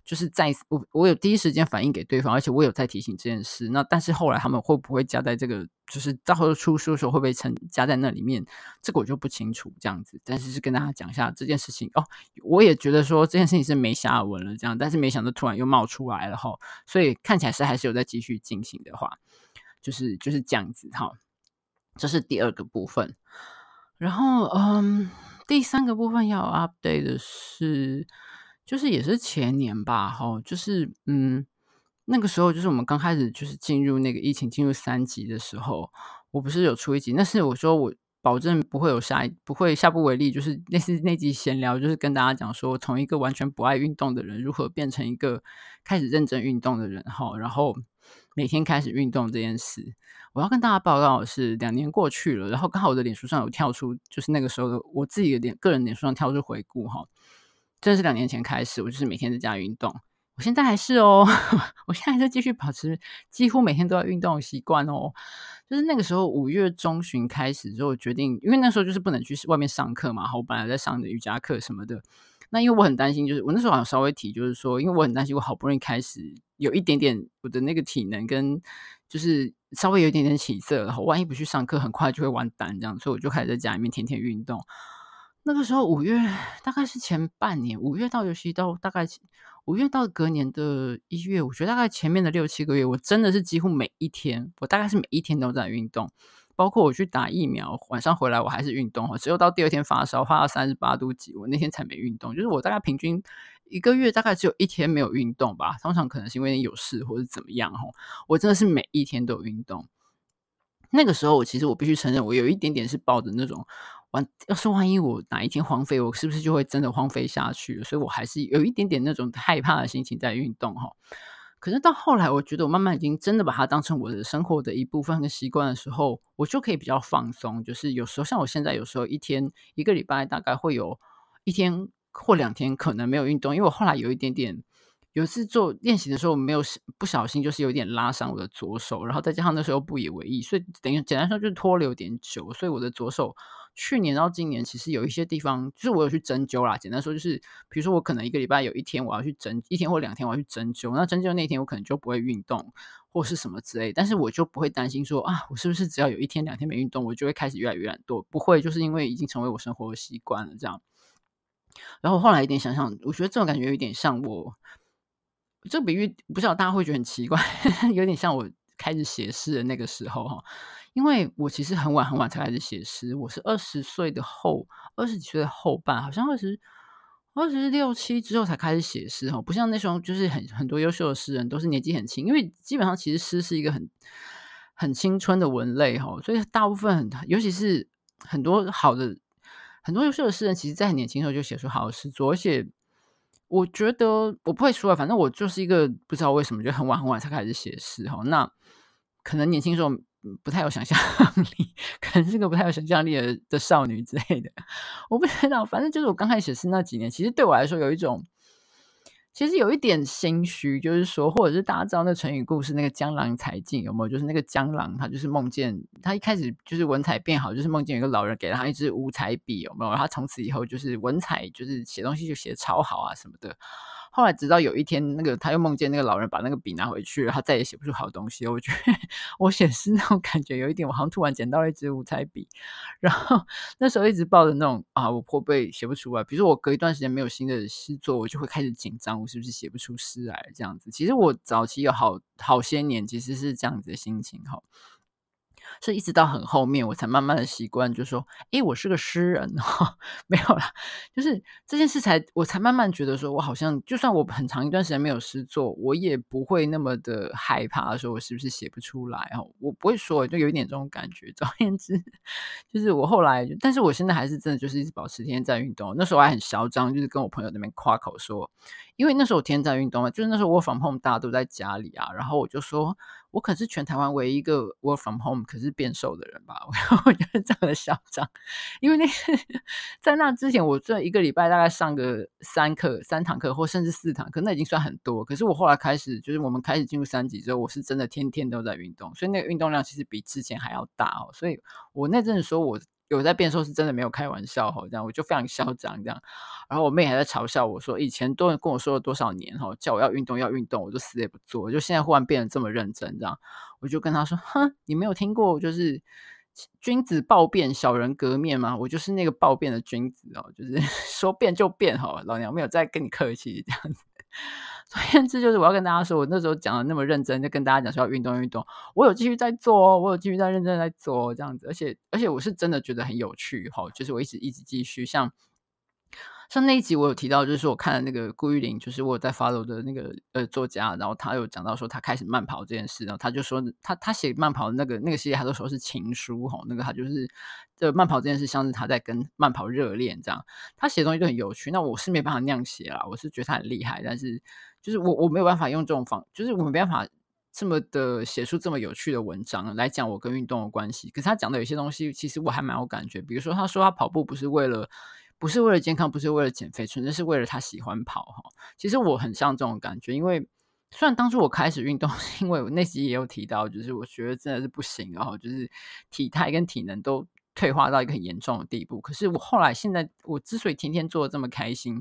就是在我我有第一時間反映給對方，而且我有在提醒這件事。那但是後來他們會不會加在這個，就是到時候出書的時候會不會成加在那裡面？這個我就不清楚這樣子。但是是跟大家講一下這件事情哦，我也覺得說這件事情是沒下文了這樣，但是沒想到突然又冒出來了哈，所以看起來是還是有在繼續進行的話，就是就是這樣子哈。這是第二個部分，然後嗯，第三個部分要 update 的是，就是也是前年吧，哈、哦，就是嗯，那個時候就是我們剛開始就是進入那個疫情進入三級的時候，我不是有出一集，那是我說我保證不會有下一，不會下不為例，就是那是那集閒聊，就是跟大家講說，從一個完全不愛運動的人如何變成一個開始認真運動的人，哈、哦，然後每天開始運動這件事。我要跟大家報告的是兩年過去了，然後剛好我的臉書上有跳出，就是那個時候的我自己的臉個人臉書上跳出回顧哈，真是兩年前開始，我就是每天在家運動，我現在還是哦，我現在還是繼續保持幾乎每天都要運動的習慣哦，就是那個時候五月中旬開始之後決定，因為那時候就是不能去外面上課嘛，然後我本來在上的瑜伽課什麼的，那因為我很擔心，就是我那時候好像稍微提，就是說因為我很擔心，我好不容易開始有一點點我的那個體能跟就是。稍微有一點點起色，然後萬一不去上課，很快就會完蛋這樣，所以我就開始在家裡面天天運動。那個時候五月大概是前半年，五月到尤其到大概五月到隔年的一月，我覺得大概前面的六七個月，我真的是幾乎每一天，我大概是每一天都在運動。包括我去打疫苗，晚上回來我還是運動哈，只有到第二天發燒，發到三十八度幾，我那天才沒運動。就是我大概平均一個月大概只有一天沒有運動吧，通常可能是因為有事或者怎麼樣哈，我真的是每一天都有運動。那個時候我其實我必須承認，我有一點點是抱着那種萬，要是萬一我哪一天荒廢，我是不是就會真的荒廢下去？所以我還是有一點點那種害怕的心情在運動哈。可是到後來，我覺得我慢慢已經真的把它當成我的生活的一部分跟習慣的時候，我就可以比較放鬆。就是有時候像我現在，有時候一天，一個禮拜大概會有一天或兩天可能沒有運動，因為我後來有一點點。有一次做練習的時候，沒有不小心就是有點拉傷我的左手，然後再加上那時候不以為意，所以等於簡單說就是拖了有點久，所以我的左手去年到今年其實有一些地方，就是我有去針灸啦。簡單說就是，比如說我可能一個禮拜有一天我要去針，一天或兩天我要去針灸，那針灸那天我可能就不會運動或是什麼之類，但是我就不會擔心說啊，我是不是只要有一天兩天沒運動，我就會開始越來越懶惰？不會，就是因為已經成為我生活習慣了這樣。然後後來一點想想，我覺得這種感覺有點像我。這個比喻不知道大家會覺得很奇怪， 有點像我開始寫詩的那個時候哈，因為我其實很晚很晚才開始寫詩，我是二十歲的後二十幾歲的後半，好像二十二十六七之後才開始寫詩哈，不像那時候就是很很多優秀的詩人都是年紀很輕，因為基本上其實詩是一個很很青春的文類哈，所以大部分很尤其是很多好的很多優秀的詩人，其實在很年輕的時候就寫出好的詩作，而且。我覺得我不會說，反正我就是一個不知道為什麼，就很晚很晚才開始寫詩哦，那可能年輕時候不太有想象力，可能是個不太有想象力的的少女之類的，我不知道。反正就是我剛開始寫詩那幾年，其實對我來說有一種。其實有一點心虛，就是說，或者是大家知道那成語故事，那個江郎才盡有沒有？就是那個江郎，他就是夢見他一開始就是文采變好，就是夢見有個老人給了他一支五彩筆，有沒有？他從此以後就是文采，就是寫東西就寫得超好啊什麼的。後來直到有一天，那個他又夢見那個老人把那個筆拿回去了，他再也寫不出好東西。我覺得我寫詩那種感覺有一點，我好像突然撿到了一支五彩筆。然後那時候一直抱着那種啊，我破背，寫不出來？比如說我隔一段時間沒有新的詩作，我就會開始緊張，我是不是寫不出詩來這樣子？其實我早期有好好些年其實是這樣子的心情哈。哦所以一直到很後面，我才慢慢的習慣，就說：“誒，我是個詩人哦，沒有啦。”就是這件事才，我才慢慢覺得，說我好像就算我很長一段時間沒有詩作，我也不會那麽的害怕，說我是不是寫不出來哦。我不會說，就有一點這種感覺。總言之，就是我後來，但是我現在還是真的就是一直保持天天在運動。那時候我還很囂張，就是跟我朋友那邊誇口說。因為那時候我天天在運動嘛，就是那時候我 work from home 大家都在家裡啊，然後我就說，我可是全台灣唯一一個 work from home 可是變瘦的人吧，我就是這樣的囂張，因為那是在那之前，我這一個禮拜大概上個三課、三堂課，或甚至四堂課，那已經算很多。可是我後來開始，就是我們開始進入三級之後，我是真的天天都在運動，所以那個運動量其實比之前還要大哦。所以我那陣子說，我，有在變瘦是真的沒有開玩笑。好，這樣我就非常囂張這樣，然後我妹還在嘲笑我說，以前都跟我說了多少年哈，叫我要運動要運動，我就死也不做，就現在忽然變得這麼認真這樣，我就跟她說，哼，你沒有聽過就是君子豹變、小人革面嗎？我就是那個豹變的君子哦，就是說變就變哈，老娘沒有再跟你客氣這樣子。所以，這就是我要跟大家說，我那時候講得那麼認真，就跟大家講說要運動運動，我有繼續在做哦，我有繼續在認真在做這樣子，而且而且我是真的覺得很有趣吼，就是我一直一直繼續，像像那一集我有提到，就是我看了那個顧玉玲，就是我有在 follow 的那個呃作家，然後他有講到說他開始慢跑這件事，然後他就說他他寫慢跑的那個那個系列，他都說是情書吼，那個他就是、這個、慢跑這件事像是他在跟慢跑熱戀這樣，他寫東西就很有趣，那我是沒辦法那樣寫啦，我是覺得他很厲害，但是就是我我沒有辦法用這種方，就是我沒辦法這麼的寫出這麼有趣的文章來講我跟運動的關係。可是他講的有些東西，其實我還蠻有感覺。比如說，他說他跑步不是為了，不是為了健康，不是為了減肥，純粹是為了他喜歡跑。哈，其實我很像這種感覺，因為雖然當初我開始運動，是因為我那集也有提到，就是我覺得真的是不行，然後就是體態跟體能都退化到一個很嚴重的地步。可是我後來現在，我之所以天天做的這麼開心。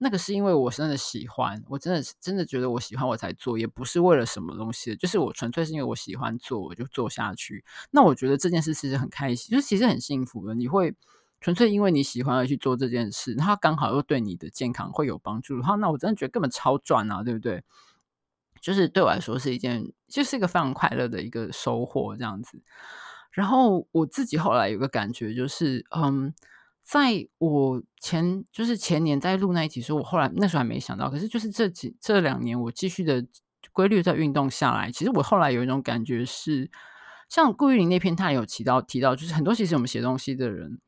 那個是因為我真的喜歡，我真的真的覺得我喜歡我才做，也不是為了什麼東西，就是我純粹是因為我喜歡做，我就做下去。那我覺得這件事其實很開心，就是其實很幸福的。你會純粹因為你喜歡而去做這件事，它剛好又對你的健康會有幫助的話，那我真的覺得根本超賺啊，對不對？就是對我來說是一件，就是一個非常快樂的一個收穫這樣子。然後我自己後來有個感覺就是，嗯。在我前就是前年在錄那一集，說我後來那時候還沒想到，可是就是這幾這兩年我繼續的規律在運動下來，其實我後來有一種感覺是，像顧玉玲那篇他也有提到提到，就是很多其實我們寫東西的人，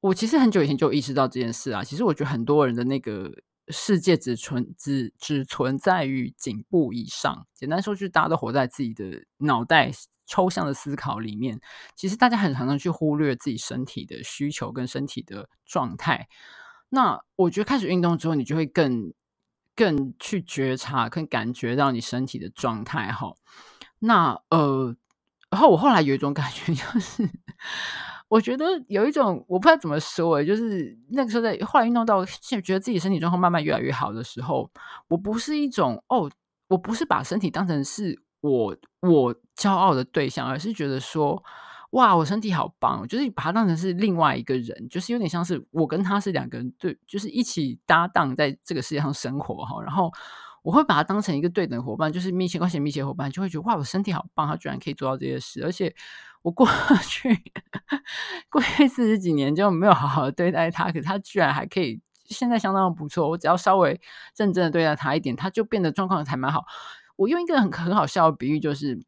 我其實很久以前就意識到這件事啊，其實我覺得很多人的那個世界只存只只存在於頸部以上，簡單說就是大家都活在自己的腦袋。抽象的思考裡面，其實大家很常常去忽略自己身體的需求跟身體的狀態。那我覺得開始運動之後，你就會更更去覺察、更感覺到你身體的狀態。哈，那呃，然後我後來有一種感覺，就是我覺得有一種我不知道怎麼說，誒，就是那個時候在，後來運動到，現覺得自己身體狀況慢慢越來越好的時候，我不是一種哦，我不是把身體當成是我我。驕傲的對象，而是覺得說：“哇，我身體好棒！”就是把他當成是另外一個人，就是有點像是我跟他是兩個人，對，就是一起搭檔在這個世界上生活哈。然後我會把他當成一個對等夥伴，就是密切關係的密切夥伴，就會覺得：“哇，我身體好棒，他居然可以做到這些事。”而且我過去過去四十幾年就沒有好好對待他，可他居然還可以，現在相當的不錯。我只要稍微認真的對待他一點，他就變得狀況才蠻好。我用一個很很好笑的比喻就是。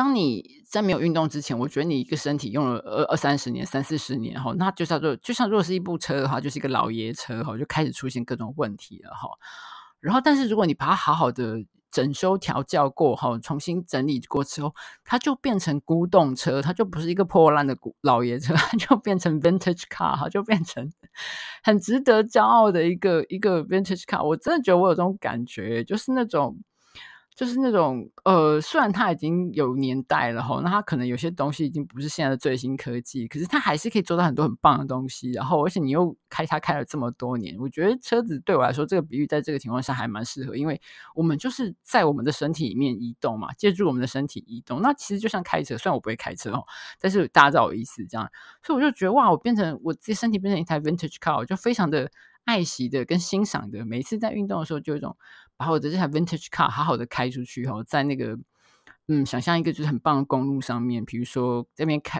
當你在沒有運動之前，我覺得你一個身體用了二二三十年、三四十年哈，那就叫做就像如果是一部車的話，就是一個老爺車哈，就開始出現各種問題了哈。然後，但是如果你把它好好的整修調教過後，重新整理過之後，它就變成古董車，它就不是一個破爛的古老爺車，它就變成 vintage car，哈，就變成很值得驕傲的一個一個 vintage car。我真的覺得我有這種感覺，就是那種。就是那種呃，雖然它已經有年代了吼，那它可能有些東西已經不是現在的最新科技，可是它還是可以做到很多很棒的東西。然後，而且你又開它開了這麼多年，我覺得車子對我來說這個比喻在這個情況下還蠻適合，因為我們就是在我們的身體裡面移動嘛，借助我們的身體移動。那其實就像開車，雖然我不會開車吼，但是大家知道我意思這樣。所以我就覺得哇，我變成我自己身體變成一台 Vintage Car，我就非常的愛惜的跟欣賞的。每一次在運動的時候，就有一種。然後這台 vintage car 好好的開出去吼、哦，在那個嗯，想象一個就是很棒的公路上面，比如說這邊開，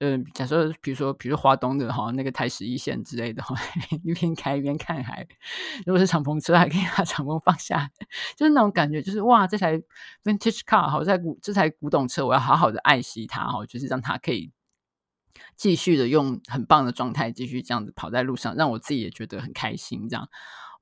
嗯、呃，假設比如說，比如花東的哈、哦，那個台十一線之類的、哦，一邊開一邊看海。如果是敞篷車，還可以把它敞篷放下，就是那種感覺，就是哇，這台 vintage car 好在古這台古董車，我要好好的愛惜它哦，就是讓它可以繼續的用很棒的狀態，繼續這樣子跑在路上，讓我自己也覺得很開心這樣。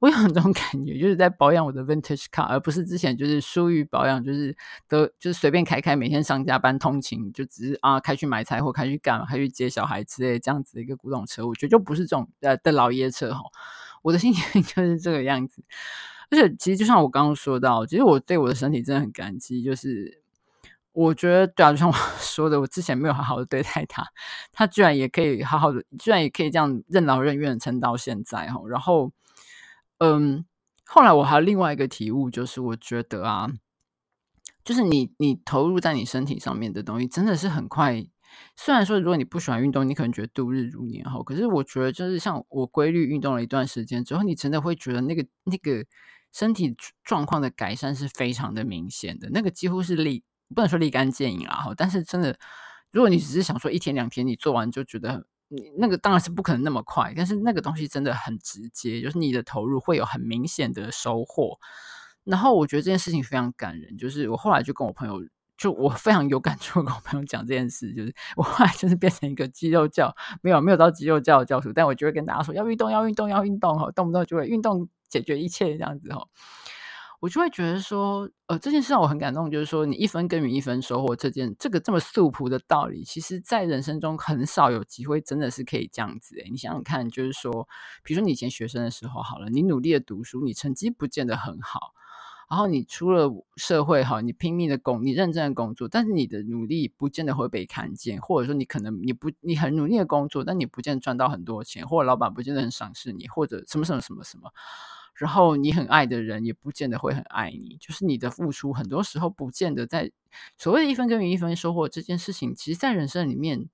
我有那種感覺，就是在保養我的 vintage car，而不是之前就是疏於保養，就是都就是隨便開開，每天上下班通勤，就只是啊開去買菜或開去幹嘛、開去接小孩之類的這樣子的一個古董車。我覺得就不是這種呃的老爺車吼，我的心情就是這個樣子。而且其實就像我剛剛說到，其實我對我的身體真的很感激。就是我覺得對啊，就像我說的，我之前沒有好好的對待它，它居然也可以好好的，居然也可以這樣任勞任怨的撐到現在吼，然後。嗯，後來我還有另外一個體悟，就是我覺得啊，就是你你投入在你身體上面的東西，真的是很快。雖然說如果你不喜歡運動，你可能覺得度日如年哈。可是我覺得，就是像我規律運動了一段時間之後，你真的會覺得那個那個身體狀況的改善是非常的明顯的。那個幾乎是立，不能說立竿見影啦哈，但是真的，如果你只是想說一天兩天你做完就覺得很那個當然是不可能那麼快，但是那個東西真的很直接，就是你的投入會有很明顯的收穫。然後我覺得這件事情非常感人，就是我後來就跟我朋友，就我非常有感觸，跟我朋友講這件事，就是我後來就是變成一個肌肉教，沒有沒有到肌肉教的教授，但我就會跟大家說要運動，要運動，要運動、哦、動不動就會運動解決一切這樣子、哦我就會覺得說，呃，這件事讓我很感動，就是說，你一分耕耘一分收穫，這件這個這麼素樸的道理，其實在人生中很少有機會真的是可以這樣子。哎，你想想看，就是說，比如說你以前學生的時候好了，你努力的讀書，你成績不見得很好，然後你出了社會好，你拼命的工，你認真的工作，但是你的努力不見得會被看見，或者說你可能你不你很努力的工作，但你不見得賺到很多錢，或者老闆不見得很賞識你，或者什麼什麼什麼什麼。然後你很愛的人也不見得會很愛你，就是你的付出很多時候不見得在所謂的“一分耕耘一分收穫”這件事情，其實在人生裡面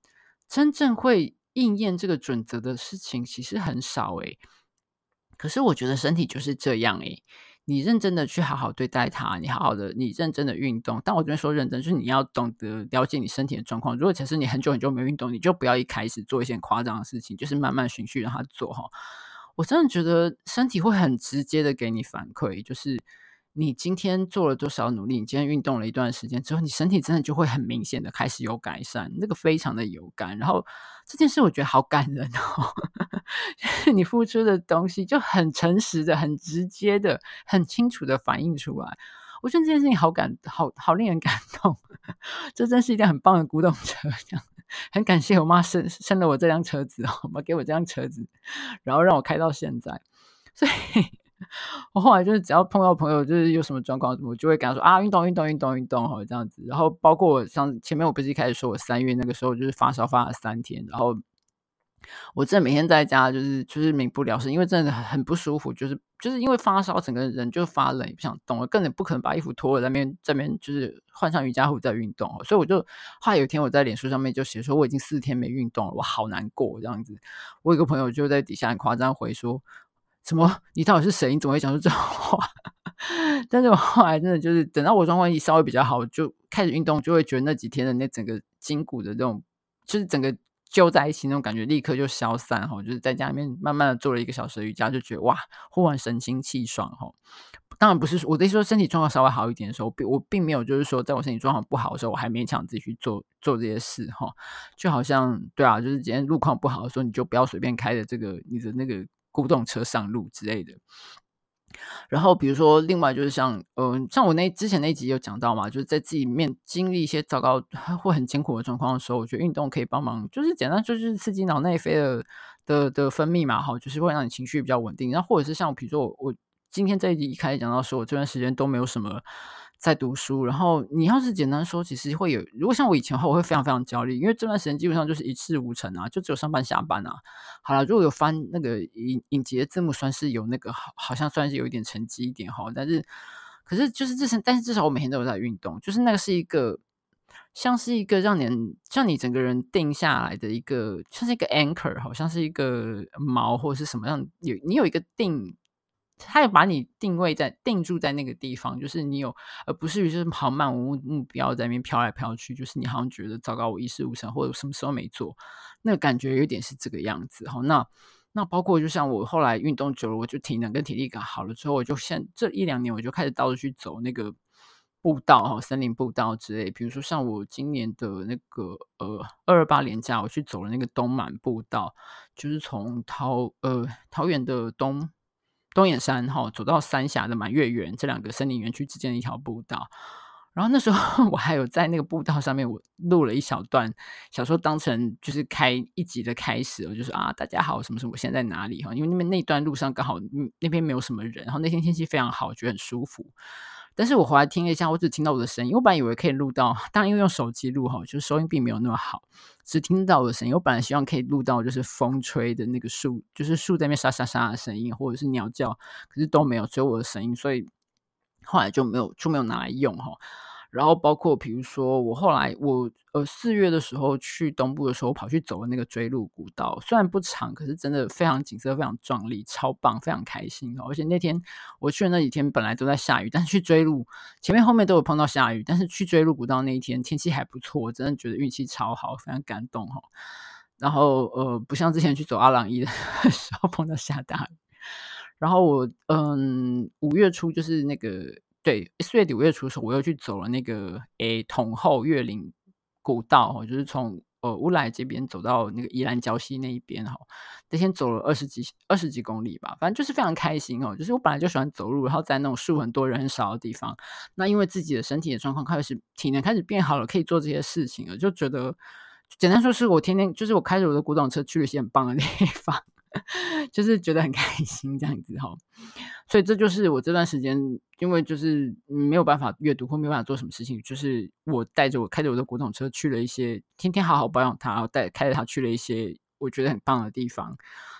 真正會應驗這個準則的事情其實很少哎、欸。可是我覺得身體就是這樣哎、欸，你認真的去好好對待它，你好好的，你認真的運動。但我覺得說認真，就是你要懂得了解你身體的狀況。如果其實你很久很久沒運動，你就不要一開始做一些誇張的事情，就是慢慢循序讓它做我真的覺得身體會很直接的給你反饋，就是你今天做了多少努力，你今天運動了一段時間之後，你身體真的就會很明顯的開始有改善，那個非常的有感。然後這件事我覺得好感人哦， 你付出的東西就很誠實的、很直接的、很清楚的反映出來。我覺得這件事情好感好好令人感動， 這真是一輛很棒的古董車，這樣很感謝我媽生生了我這輛車子哦，媽給我這輛車子，然後讓我開到現在。所以我後來就是只要碰到朋友，就是有什麼狀況，我就會跟他說啊，運動運動運動運動，好這樣子。然後包括我像前面，我不是一開始說我三月那個時候就是發燒發了三天，然後。我真的每天在家，就是，就是就是民不聊生，因為真的很不舒服，就是就是因為發燒，整個人就發冷，也不想動了，更不可能把衣服脫了，在面在面就是換上瑜伽服在運動。所以我就話，有一天，我在臉書上面就寫說，我已經四天沒運動了，我好難過這樣子。我有個朋友就在底下很誇張回說：“什麼？你到底是誰？你怎麼會講出這種話？” 但是我後來真的就是等到我狀況一稍微比較好，就開始運動，就會覺得那幾天的那整個筋骨的那種，就是整個。揪在一起那種感覺立刻就消散哈，就是在家裡面慢慢的做了一個小時的瑜伽，就覺得哇，忽然神清氣爽哈。當然不是我的意思說，身體狀況稍微好一點的時候我，我並沒有就是說，在我身體狀況不好的時候，我還勉強自己去做做這些事哈。就好像對啊，就是今天路況不好的時候，你就不要隨便開着這個你的那個古董車上路之類的。然後，比如說，另外就是像，嗯、呃，像我那之前那集有講到嘛，就是在自己面經歷一些糟糕或很艱苦的狀況的時候，我覺得運動可以幫忙，就是簡單就是刺激腦內啡的的的分泌嘛，好，就是會讓你情緒比較穩定。然後，或者是像比如說我，我今天這一集一開始講到說，我這段時間都沒有什麼。在讀書，然後你要是簡單說，其實會有。如果像我以前的話，我會非常非常焦慮，因為這段時間基本上就是一事無成啊，就只有上班下班啊。好了，如果有翻那個影影集的字幕，算是有那個好，好像算是有一點成績一點哈。但是，可是就是至少，但是至少我每天都有在運動，就是那個是一個像是一個讓你像你整個人定下來的一個，像是一個 anchor，好像是一個錨，或者是什麼樣，有你有一個定。他要把你定位在定住在那個地方，就是你有，而不是就是跑漫無目標在那邊飄來飄去，就是你好像覺得糟糕，我一事無成，或者我什麼時候沒做，那個感覺有點是這個樣子。好，那那包括就像我後來運動久了，我就體能跟體力感好了之後，我就像這一兩年我就開始到處去走那個步道哈、哦，森林步道之類。比如說像我今年的那個呃二二八連假，我去走了那個東滿步道，就是從桃呃桃園的東。東眼山吼走到三峽的滿月圓這兩個森林園區之間的一條步道，然後那時候我還有在那個步道上面，我錄了一小段，想說當成就是開一集的開始，我就說啊，大家好，什麼什麼，我現在在哪裡哈？因為那邊那段路上剛好那邊沒有什麼人，然後那天天氣非常好，我覺得很舒服。但是我回來聽了一下，我只聽到我的聲音。我本來以為可以錄到，當然因為用手機錄齁，就是收音並沒有那麼好，只聽到我的聲音。我本來希望可以錄到，就是風吹的那個樹，就是樹在那沙沙沙的聲音，或者是鳥叫，可是都沒有，只有我的聲音，所以後來就沒有就沒有拿來用齁。然後包括，比如說我後來我呃四月的時候去東部的時候，跑去走了那個錐麓古道，雖然不長，可是真的非常景色非常壯麗，超棒，非常開心、哦。而且那天我去的那幾天本來都在下雨，但是去錐麓，前面後面都有碰到下雨，但是去錐麓古道那一天天氣還不錯，我真的覺得運氣超好，非常感動哈、哦。然後呃，不像之前去走阿朗壹的時候碰到下大雨。然後我嗯五月初就是那個。對，四月底五月初的時候，我又去走了那個誒，桶後越嶺古道哦，就是從呃烏來這邊走到那個宜蘭礁溪那一邊哈、哦。那天走了二十幾二十幾公里吧，反正就是非常開心哦。就是我本來就喜歡走路，然後在那種樹很多人很少的地方，那因為自己的身體的狀況開始體能開始變好了，可以做這些事情了，就覺得簡單說是我天天就是我開着我的古董車去了一些很棒的地方。 就是覺得很開心這樣子。所以這就是我這段時間，因為就是沒有辦法閱讀或沒辦法做什麼事情，就是我帶着我開着我的古董車去了一些，天天好好保養它，然後帶開着它去了一些我覺得很棒的地方。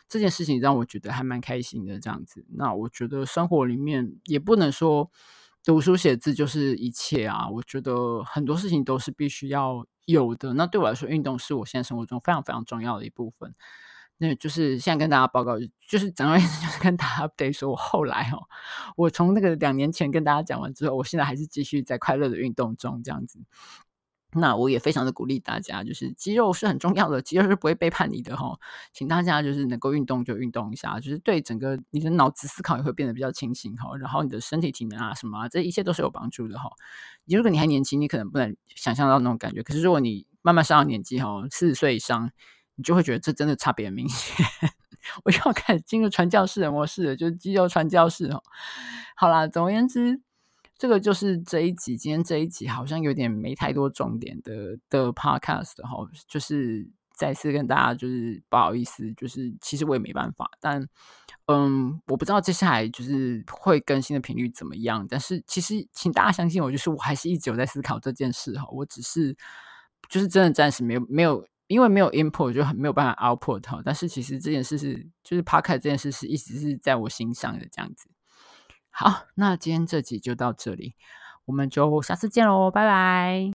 這件事情讓我覺得還蠻開心的這樣子。那我覺得生活裡面也不能說讀書寫字就是一切啊，我覺得很多事情都是必須要有的。那對我來說，運動是我現在生活中非常非常重要的一部分。那就是現在跟大家報告，就是總而言之，就是跟大家 update 說，我後來哦，我從那個兩年前跟大家講完之後，我現在還是繼續在快樂的運動中這樣子。那我也非常的鼓勵大家，就是肌肉是很重要的，肌肉是不會背叛你的吼、哦，請大家就是能夠運動就運動一下，就是對整個你的腦子思考也會變得比較清醒哈、哦。然後你的身體體能啊什麼啊，這一切都是有幫助的哈、哦。如果你還年輕，你可能不能想象到那種感覺，可是如果你慢慢上了年紀哈、哦，四十歲以上。你就會覺得這真的差別明顯， 我又要開始進入傳教士的模式了，就是肌肉傳教士哦。好啦，總而言之，這個就是這一集，今天這一集好像有點沒太多重點的的 podcast 哈，就是再次跟大家就是不好意思，就是其實我也沒辦法，但嗯，我不知道接下來就是會更新的頻率怎麼樣，但是其實請大家相信我，就是我還是一直有在思考這件事哈，我只是就是真的暫時沒有沒有。因為沒有 input 就很沒有辦法 output，但是其實這件事是就是 podcast 這件事是一直是在我心上的這樣子。好，那今天這集就到這裡，我們就下次見嘍，拜拜。